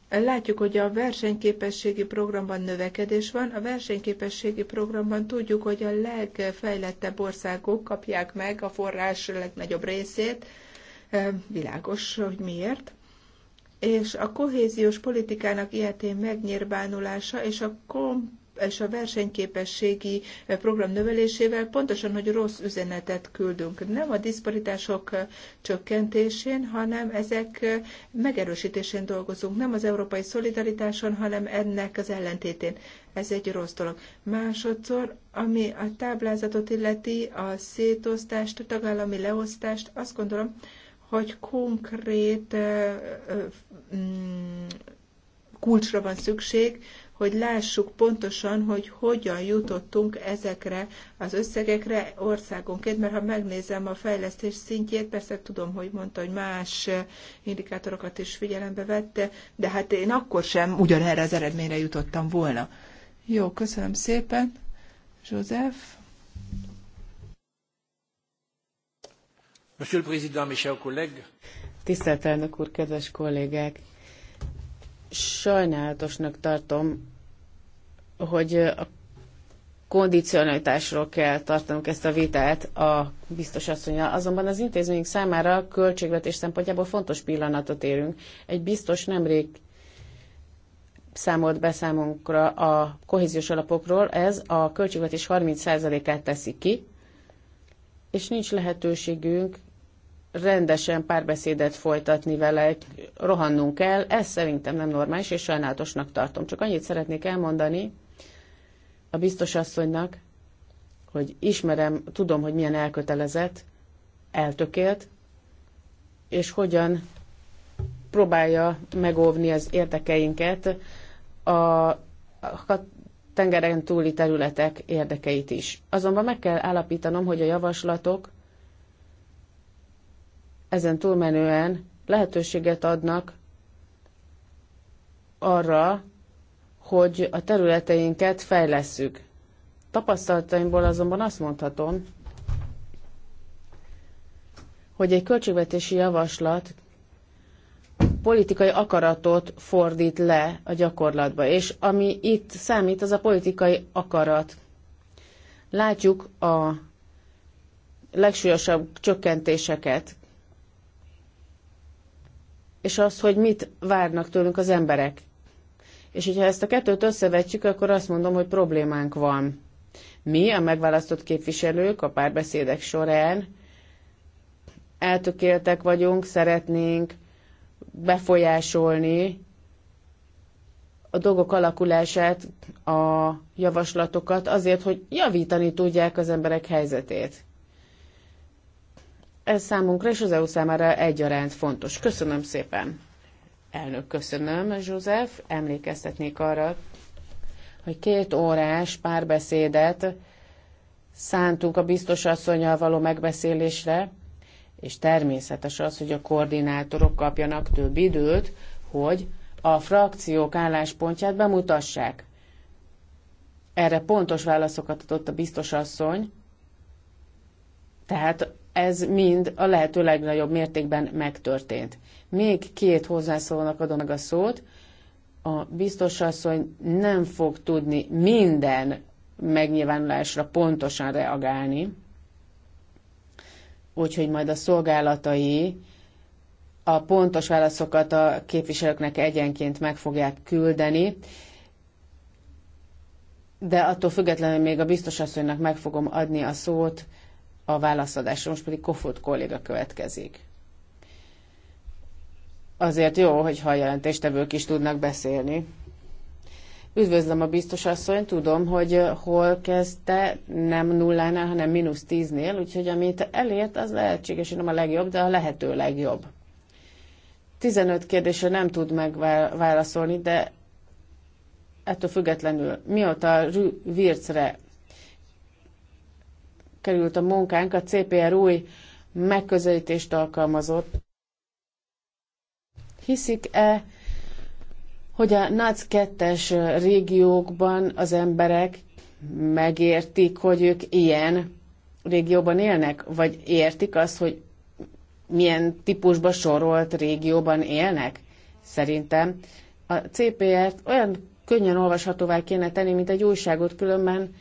Látjuk, hogy a versenyképességi programban növekedés van. A versenyképességi programban tudjuk, hogy a legfejlettebb országok kapják meg a forrás legnagyobb részét. Világos, hogy miért és a kohéziós politikának ilyetén megnyilvánulása és a kom és a versenyképességi program növelésével pontosan, hogy rossz üzenetet küldünk. Nem a diszparitások csökkentésén, hanem ezek megerősítésén dolgozunk. Nem az európai szolidaritáson, hanem ennek az ellentétén. Ez egy rossz dolog. Másodszor, ami a táblázatot illeti, a szétosztást, a tagállami leosztást, azt gondolom, hogy konkrét mm, kulcsra van szükség, hogy lássuk pontosan, hogy hogyan jutottunk ezekre az összegekre országonként, mert ha megnézem a fejlesztés szintjét, persze tudom, hogy mondta, hogy más indikátorokat is figyelembe vette, de hát én akkor sem ugyanerre az eredményre jutottam volna. Jó, köszönöm szépen, József. Monsieur le Président, mes chers collègues. Tisztelt elnök úr, kedves kollégák! Sajnálatosnak tartom, hogy a kondicionalitásról kell tartanunk ezt a vitát a biztos asszonyjal. Azonban az intézményünk számára költségvetés szempontjából fontos pillanatot érünk. Egy biztos nemrég számolt be számunkra a kohéziós alapokról, ez a költségvetés 30%-át teszi ki, és nincs lehetőségünk rendesen párbeszédet folytatni vele, rohannunk kell, ez szerintem nem normális, és sajnálatosnak tartom. Csak annyit szeretnék elmondani a biztos asszonynak, hogy ismerem, tudom, hogy milyen elkötelezett, eltökélt, és hogyan próbálja megóvni az érdekeinket a, a tengeren túli területek érdekeit is. Azonban meg kell állapítanom, hogy a javaslatok ezen túlmenően lehetőséget adnak arra, hogy a területeinket fejlesszük. Tapasztalataimból azonban azt mondhatom, hogy egy költségvetési javaslat politikai akaratot fordít le a gyakorlatba, és ami itt számít, az a politikai akarat. Látjuk a legsúlyosabb csökkentéseket és az, hogy mit várnak tőlünk az emberek. És hogyha ezt a kettőt összevetjük, akkor azt mondom, hogy problémánk van. Mi, a megválasztott képviselők a párbeszédek során eltökéltek vagyunk, szeretnénk befolyásolni a dolgok alakulását, a javaslatokat azért, hogy javítani tudják az emberek helyzetét ez számunkra és az EU számára egyaránt fontos. Köszönöm szépen. Elnök, köszönöm, József. Emlékeztetnék arra, hogy két órás párbeszédet szántunk a biztos asszonyal való megbeszélésre, és természetes az, hogy a koordinátorok kapjanak több időt, hogy a frakciók álláspontját bemutassák. Erre pontos válaszokat adott a biztos asszony, tehát ez mind a lehető legnagyobb mértékben megtörtént. Még két hozzászólónak adom meg a szót. A biztos asszony nem fog tudni minden megnyilvánulásra pontosan reagálni, úgyhogy majd a szolgálatai a pontos válaszokat a képviselőknek egyenként meg fogják küldeni, de attól függetlenül még a biztos asszonynak meg fogom adni a szót, a válaszadásra. Most pedig Kofut kolléga következik. Azért jó, hogy ha jelentéstevők is tudnak beszélni. Üdvözlöm a biztos asszony, tudom, hogy hol kezdte, nem nullánál, hanem mínusz tíznél, úgyhogy amit elért, az lehetséges, hogy nem a legjobb, de a lehető legjobb. 15 kérdésre nem tud megválaszolni, de ettől függetlenül, mióta Vircre került a munkánk, a CPR új megközelítést alkalmazott. Hiszik-e, hogy a NAC 2-es régiókban az emberek megértik, hogy ők ilyen régióban élnek, vagy értik azt, hogy milyen típusba sorolt régióban élnek? Szerintem a CPR-t olyan könnyen olvashatóvá kéne tenni, mint egy újságot, különben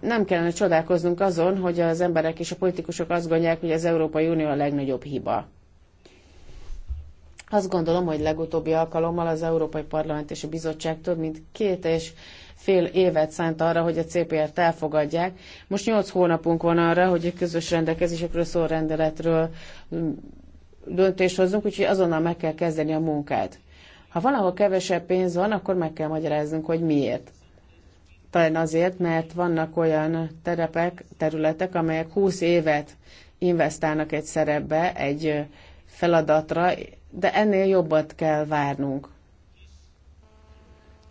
nem kellene csodálkoznunk azon, hogy az emberek és a politikusok azt gondolják, hogy az Európai Unió a legnagyobb hiba. Azt gondolom, hogy legutóbbi alkalommal az Európai Parlament és a Bizottság több mint két és fél évet szánt arra, hogy a CPR-t elfogadják. Most nyolc hónapunk van arra, hogy a közös rendelkezésekről szól rendeletről mm, döntést hozzunk, úgyhogy azonnal meg kell kezdeni a munkát. Ha valahol kevesebb pénz van, akkor meg kell magyaráznunk, hogy miért. Talán azért, mert vannak olyan terepek, területek, amelyek 20 évet investálnak egy szerepbe, egy feladatra, de ennél jobbat kell várnunk.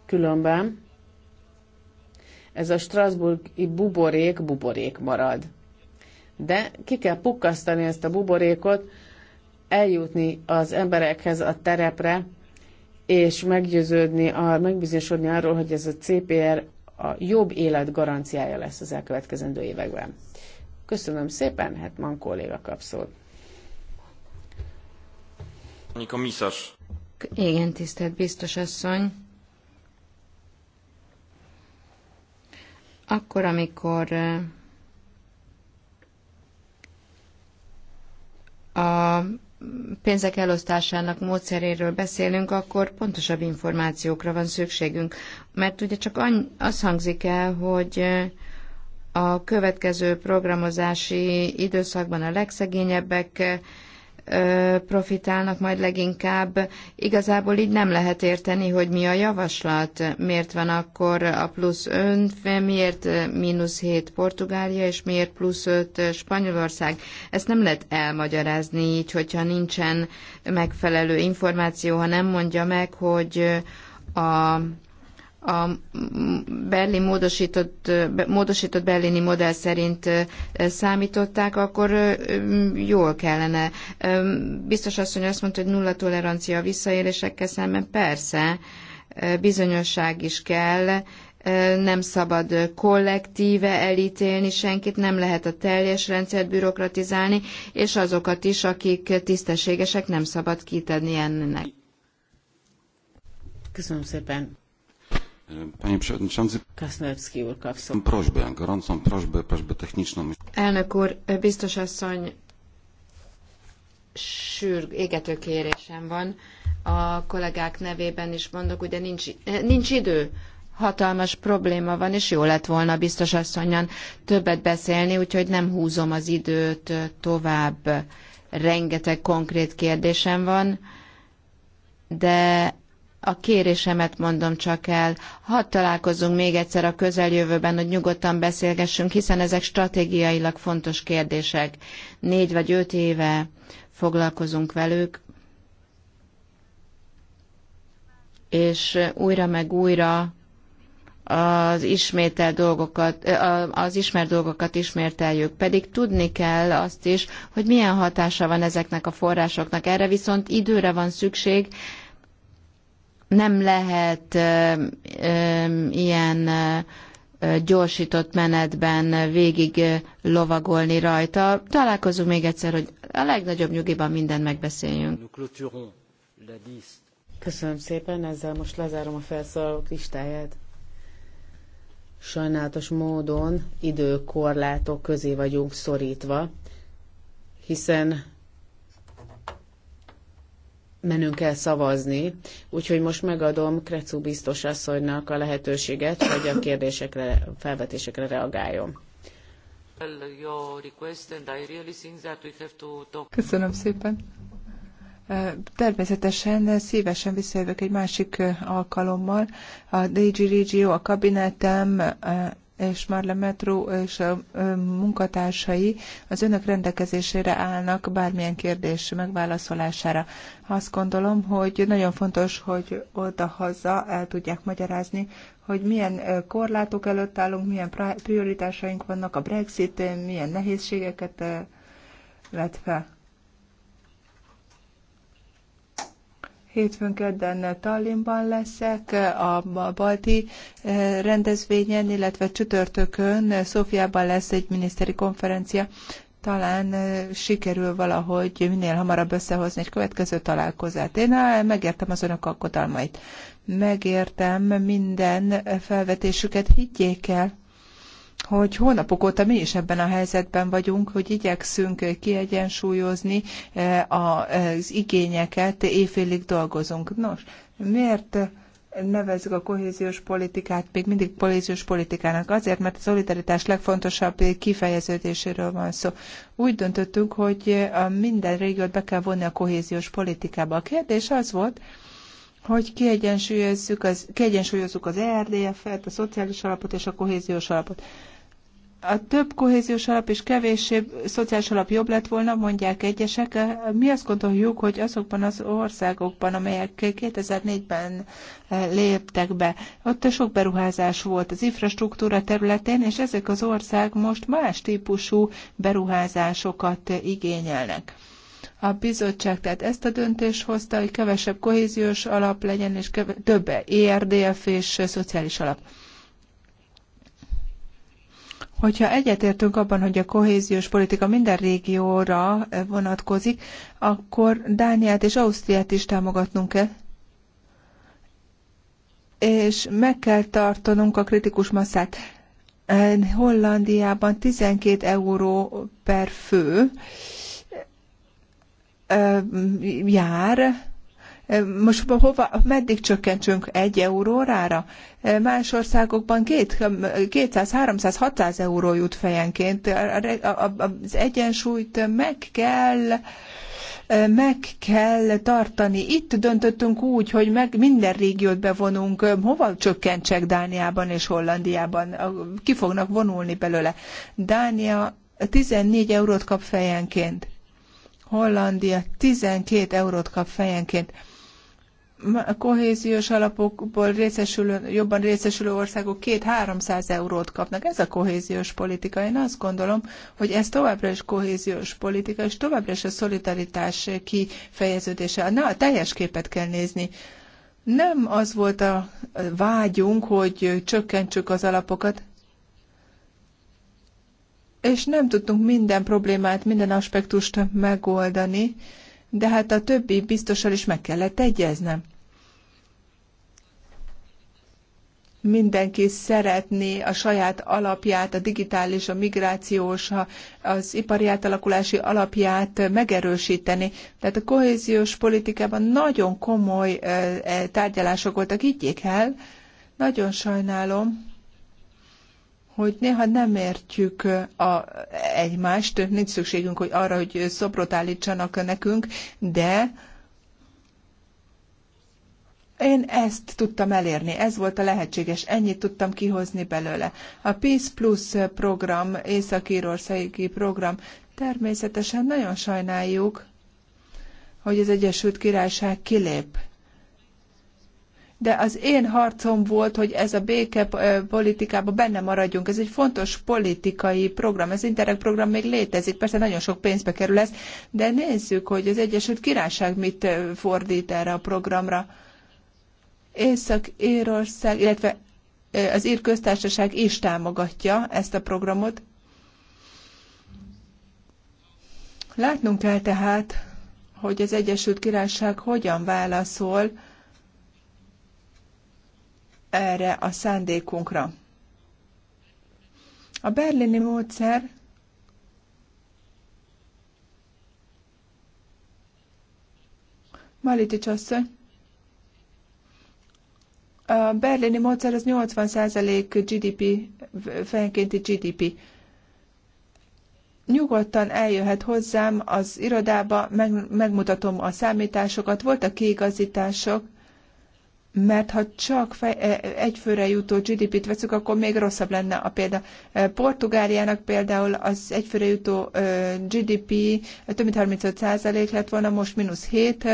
Különben ez a Strasburgi buborék buborék marad. De ki kell pukkasztani ezt a buborékot, eljutni az emberekhez a terepre, és meggyőződni, megbizonyosodni arról, hogy ez a CPR a jobb élet garanciája lesz az elkövetkezendő években. Köszönöm szépen, hát man kolléga kap szót. Igen, tisztelt biztos asszony. Akkor, amikor eh, a pénzek elosztásának módszeréről beszélünk, akkor pontosabb információkra van szükségünk mert ugye csak az hangzik el, hogy a következő programozási időszakban a legszegényebbek profitálnak majd leginkább. Igazából így nem lehet érteni, hogy mi a javaslat, miért van akkor a plusz ön, miért mínusz 7 Portugália, és miért plusz 5 Spanyolország. Ezt nem lehet elmagyarázni így, hogyha nincsen megfelelő információ, ha nem mondja meg, hogy a a Berlin módosított, módosított berlini modell szerint számították, akkor jól kellene. Biztos asszony azt mondta, hogy nulla tolerancia a visszaélésekkel szemben. Persze, bizonyosság is kell, nem szabad kollektíve elítélni senkit, nem lehet a teljes rendszert bürokratizálni, és azokat is, akik tisztességesek, nem szabad kitenni ennek. Köszönöm szépen. Panie Przewodniczący, Kasznevski úr kapszol. Prośbę, gorącą prośbę, prośbę techniczną. Elnök úr, biztos asszony, sürg, égető kérésem van. A kollégák nevében is mondok, ugye nincs, eh, nincs idő hatalmas probléma van, és jó lett volna biztos asszonyan többet beszélni, úgyhogy nem húzom az időt tovább. Rengeteg konkrét kérdésem van, de a kérésemet mondom csak el. Hadd találkozunk még egyszer a közeljövőben, hogy nyugodtan beszélgessünk, hiszen ezek stratégiailag fontos kérdések. Négy vagy öt éve foglalkozunk velük, és újra meg újra az ismétel dolgokat, az ismert dolgokat ismételjük. Pedig tudni kell azt is, hogy milyen hatása van ezeknek a forrásoknak. Erre viszont időre van szükség, nem lehet ilyen gyorsított menetben végig lovagolni rajta. Találkozunk még egyszer, hogy a legnagyobb nyugiban mindent megbeszéljünk. Köszönöm szépen, ezzel most lezárom a felszólalók listáját. Sajnálatos módon időkorlátok közé vagyunk szorítva, hiszen mennünk kell szavazni, úgyhogy most megadom Krecu biztos asszonynak a lehetőséget, hogy a kérdésekre, felvetésekre reagáljon. Köszönöm szépen. Természetesen szívesen visszajövök egy másik alkalommal. A DG Regio, a kabinetem, és Marle Metro és a munkatársai az önök rendelkezésére állnak bármilyen kérdés megválaszolására. Azt gondolom, hogy nagyon fontos, hogy oda-haza el tudják magyarázni, hogy milyen korlátok előtt állunk, milyen prioritásaink vannak a Brexit, milyen nehézségeket vet fel. Hétfőn kedden Tallinnban leszek, a balti eh, rendezvényen, illetve csütörtökön Szófiában lesz egy miniszteri konferencia. Talán eh, sikerül valahogy minél hamarabb összehozni egy következő találkozát. Én eh, megértem az önök aggodalmait. Megértem minden felvetésüket, higgyék el, hogy hónapok óta mi is ebben a helyzetben vagyunk, hogy igyekszünk kiegyensúlyozni eh, az igényeket, éjfélig dolgozunk. Nos, miért nevezzük a kohéziós politikát még mindig kohéziós politikának? Azért, mert a szolidaritás legfontosabb kifejeződéséről van szó. Úgy döntöttünk, hogy minden régiót be kell vonni a kohéziós politikába. A kérdés az volt, hogy kiegyensúlyozzuk az, kiegyensúlyozzuk az ERDF-et, a szociális alapot és a kohéziós alapot a több kohéziós alap és kevésbé szociális alap jobb lett volna, mondják egyesek. Mi azt gondoljuk, hogy azokban az országokban, amelyek 2004-ben eh, léptek be, ott sok beruházás volt az infrastruktúra területén, és ezek az ország most más típusú beruházásokat igényelnek. A bizottság tehát ezt a döntést hozta, hogy kevesebb kohéziós alap legyen, és keve- több ERDF és szociális alap. Hogyha egyetértünk abban, hogy a kohéziós politika minden régióra vonatkozik, akkor Dániát és Ausztriát is támogatnunk kell. És meg kell tartanunk a kritikus masszát. Hollandiában 12 euró per fő jár, most hova, meddig csökkentsünk? Egy eurórára? Más országokban két, 200, 300, 600 euró jut fejenként. Az egyensúlyt meg kell meg kell tartani. Itt döntöttünk úgy, hogy meg minden régiót bevonunk, hova csökkentsek Dániában és Hollandiában, ki fognak vonulni belőle. Dánia 14 eurót kap fejenként, Hollandia 12 eurót kap fejenként a kohéziós alapokból részesülő, jobban részesülő országok 2-300 eurót kapnak. Ez a kohéziós politika. Én azt gondolom, hogy ez továbbra is kohéziós politika, és továbbra is a szolidaritás kifejeződése. Na, a teljes képet kell nézni. Nem az volt a vágyunk, hogy csökkentsük az alapokat, és nem tudtunk minden problémát, minden aspektust megoldani de hát a többi biztossal is meg kellett egyeznem. mindenki szeretné a saját alapját, a digitális, a migrációs, az ipari átalakulási alapját megerősíteni. Tehát a kohéziós politikában nagyon komoly tárgyalások voltak, higgyék el. Nagyon sajnálom, hogy néha nem értjük a, egymást, nincs szükségünk hogy arra, hogy szobrot állítsanak nekünk, de én ezt tudtam elérni, ez volt a lehetséges, ennyit tudtam kihozni belőle. A Peace Plus program, Észak-Írországi program, természetesen nagyon sajnáljuk, hogy az Egyesült Királyság kilép de az én harcom volt, hogy ez a béke eh, politikába benne maradjunk. Ez egy fontos politikai program, ez Interreg program még létezik, persze nagyon sok pénzbe kerül ez, de nézzük, hogy az Egyesült Királyság mit eh, fordít erre a programra. Észak-Írország, illetve eh, az Ír köztársaság is támogatja ezt a programot. Látnunk kell tehát, hogy az Egyesült Királyság hogyan válaszol, erre a szándékunkra. A berlini módszer Malitics asszony. A berlini módszer az 80% GDP, fejenkénti GDP. Nyugodtan eljöhet hozzám az irodába, meg, megmutatom a számításokat. Voltak kiigazítások, mert ha csak fej, e, egyfőre jutó GDP-t veszük, akkor még rosszabb lenne a példa. E, Portugáliának például az egyfőre jutó e, GDP több mint 35% lett volna, most mínusz 7,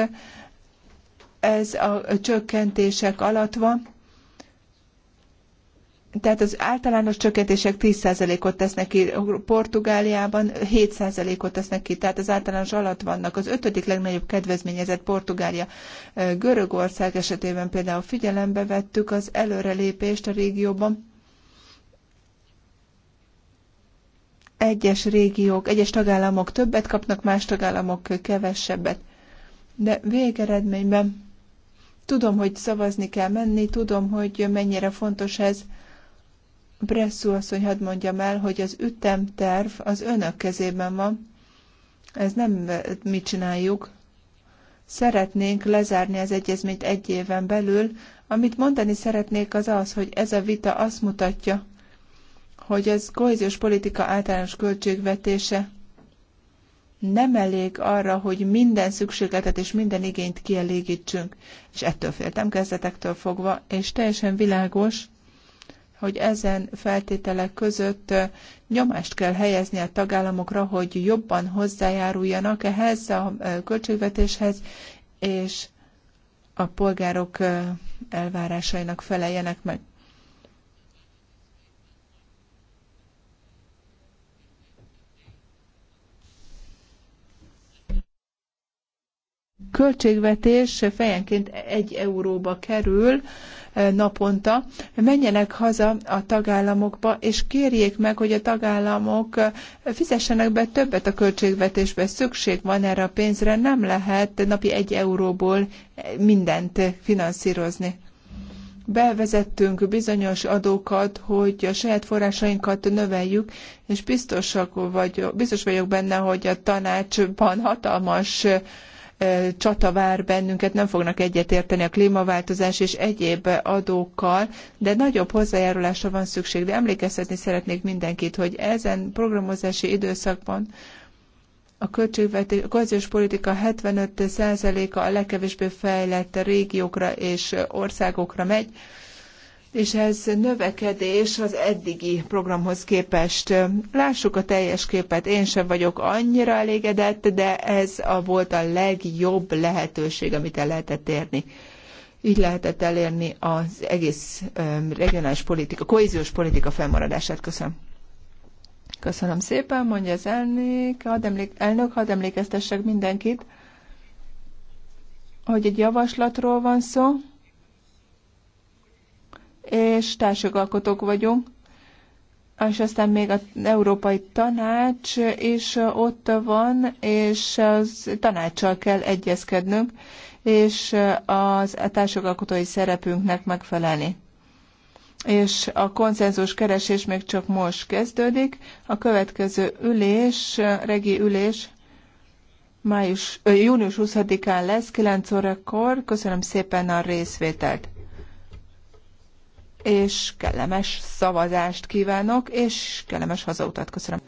ez a csökkentések alatt van tehát az általános csökkentések 10%-ot tesznek ki, Portugáliában 7%-ot tesznek ki, tehát az általános alatt vannak. Az ötödik legnagyobb kedvezményezett Portugália. Görögország esetében például figyelembe vettük az előrelépést a régióban. Egyes régiók, egyes tagállamok többet kapnak, más tagállamok kevesebbet. De végeredményben tudom, hogy szavazni kell menni, tudom, hogy mennyire fontos ez Bresszú asszony, hadd mondjam el, hogy az ütemterv az önök kezében van. Ez nem mi csináljuk. Szeretnénk lezárni az egyezményt egy éven belül. Amit mondani szeretnék az az, hogy ez a vita azt mutatja, hogy ez kohéziós politika általános költségvetése nem elég arra, hogy minden szükségletet és minden igényt kielégítsünk. És ettől féltem kezdetektől fogva, és teljesen világos, hogy ezen feltételek között nyomást kell helyezni a tagállamokra, hogy jobban hozzájáruljanak ehhez a költségvetéshez, és a polgárok elvárásainak feleljenek meg. költségvetés fejenként egy euróba kerül eh, naponta. Menjenek haza a tagállamokba, és kérjék meg, hogy a tagállamok eh, fizessenek be többet a költségvetésbe. Szükség van erre a pénzre, nem lehet napi egy euróból eh, mindent finanszírozni bevezettünk bizonyos adókat, hogy a saját forrásainkat növeljük, és biztosak vagy, biztos vagyok benne, hogy a tanácsban hatalmas csata vár bennünket, nem fognak egyetérteni a klímaváltozás és egyéb adókkal, de nagyobb hozzájárulásra van szükség. De emlékeztetni szeretnék mindenkit, hogy ezen programozási időszakban a költségvetés, a kohéziós politika 75%-a a legkevésbé fejlett régiókra és országokra megy, és ez növekedés az eddigi programhoz képest. Lássuk a teljes képet, én sem vagyok annyira elégedett, de ez a volt a legjobb lehetőség, amit el lehetett érni. Így lehetett elérni az egész regionális politika, kohéziós politika felmaradását. Köszönöm. Köszönöm szépen, mondja az elnök, hadd emlék, elnök, hadd emlékeztessek mindenkit, hogy egy javaslatról van szó és társjogalkotók vagyunk, és aztán még az Európai Tanács is ott van, és az tanácssal kell egyezkednünk, és az a társjogalkotói szerepünknek megfelelni. És a konszenzus keresés még csak most kezdődik. A következő ülés, regi ülés, május, június 20-án lesz, 9 órakor. Köszönöm szépen a részvételt és kellemes szavazást kívánok, és kellemes hazautat. Köszönöm.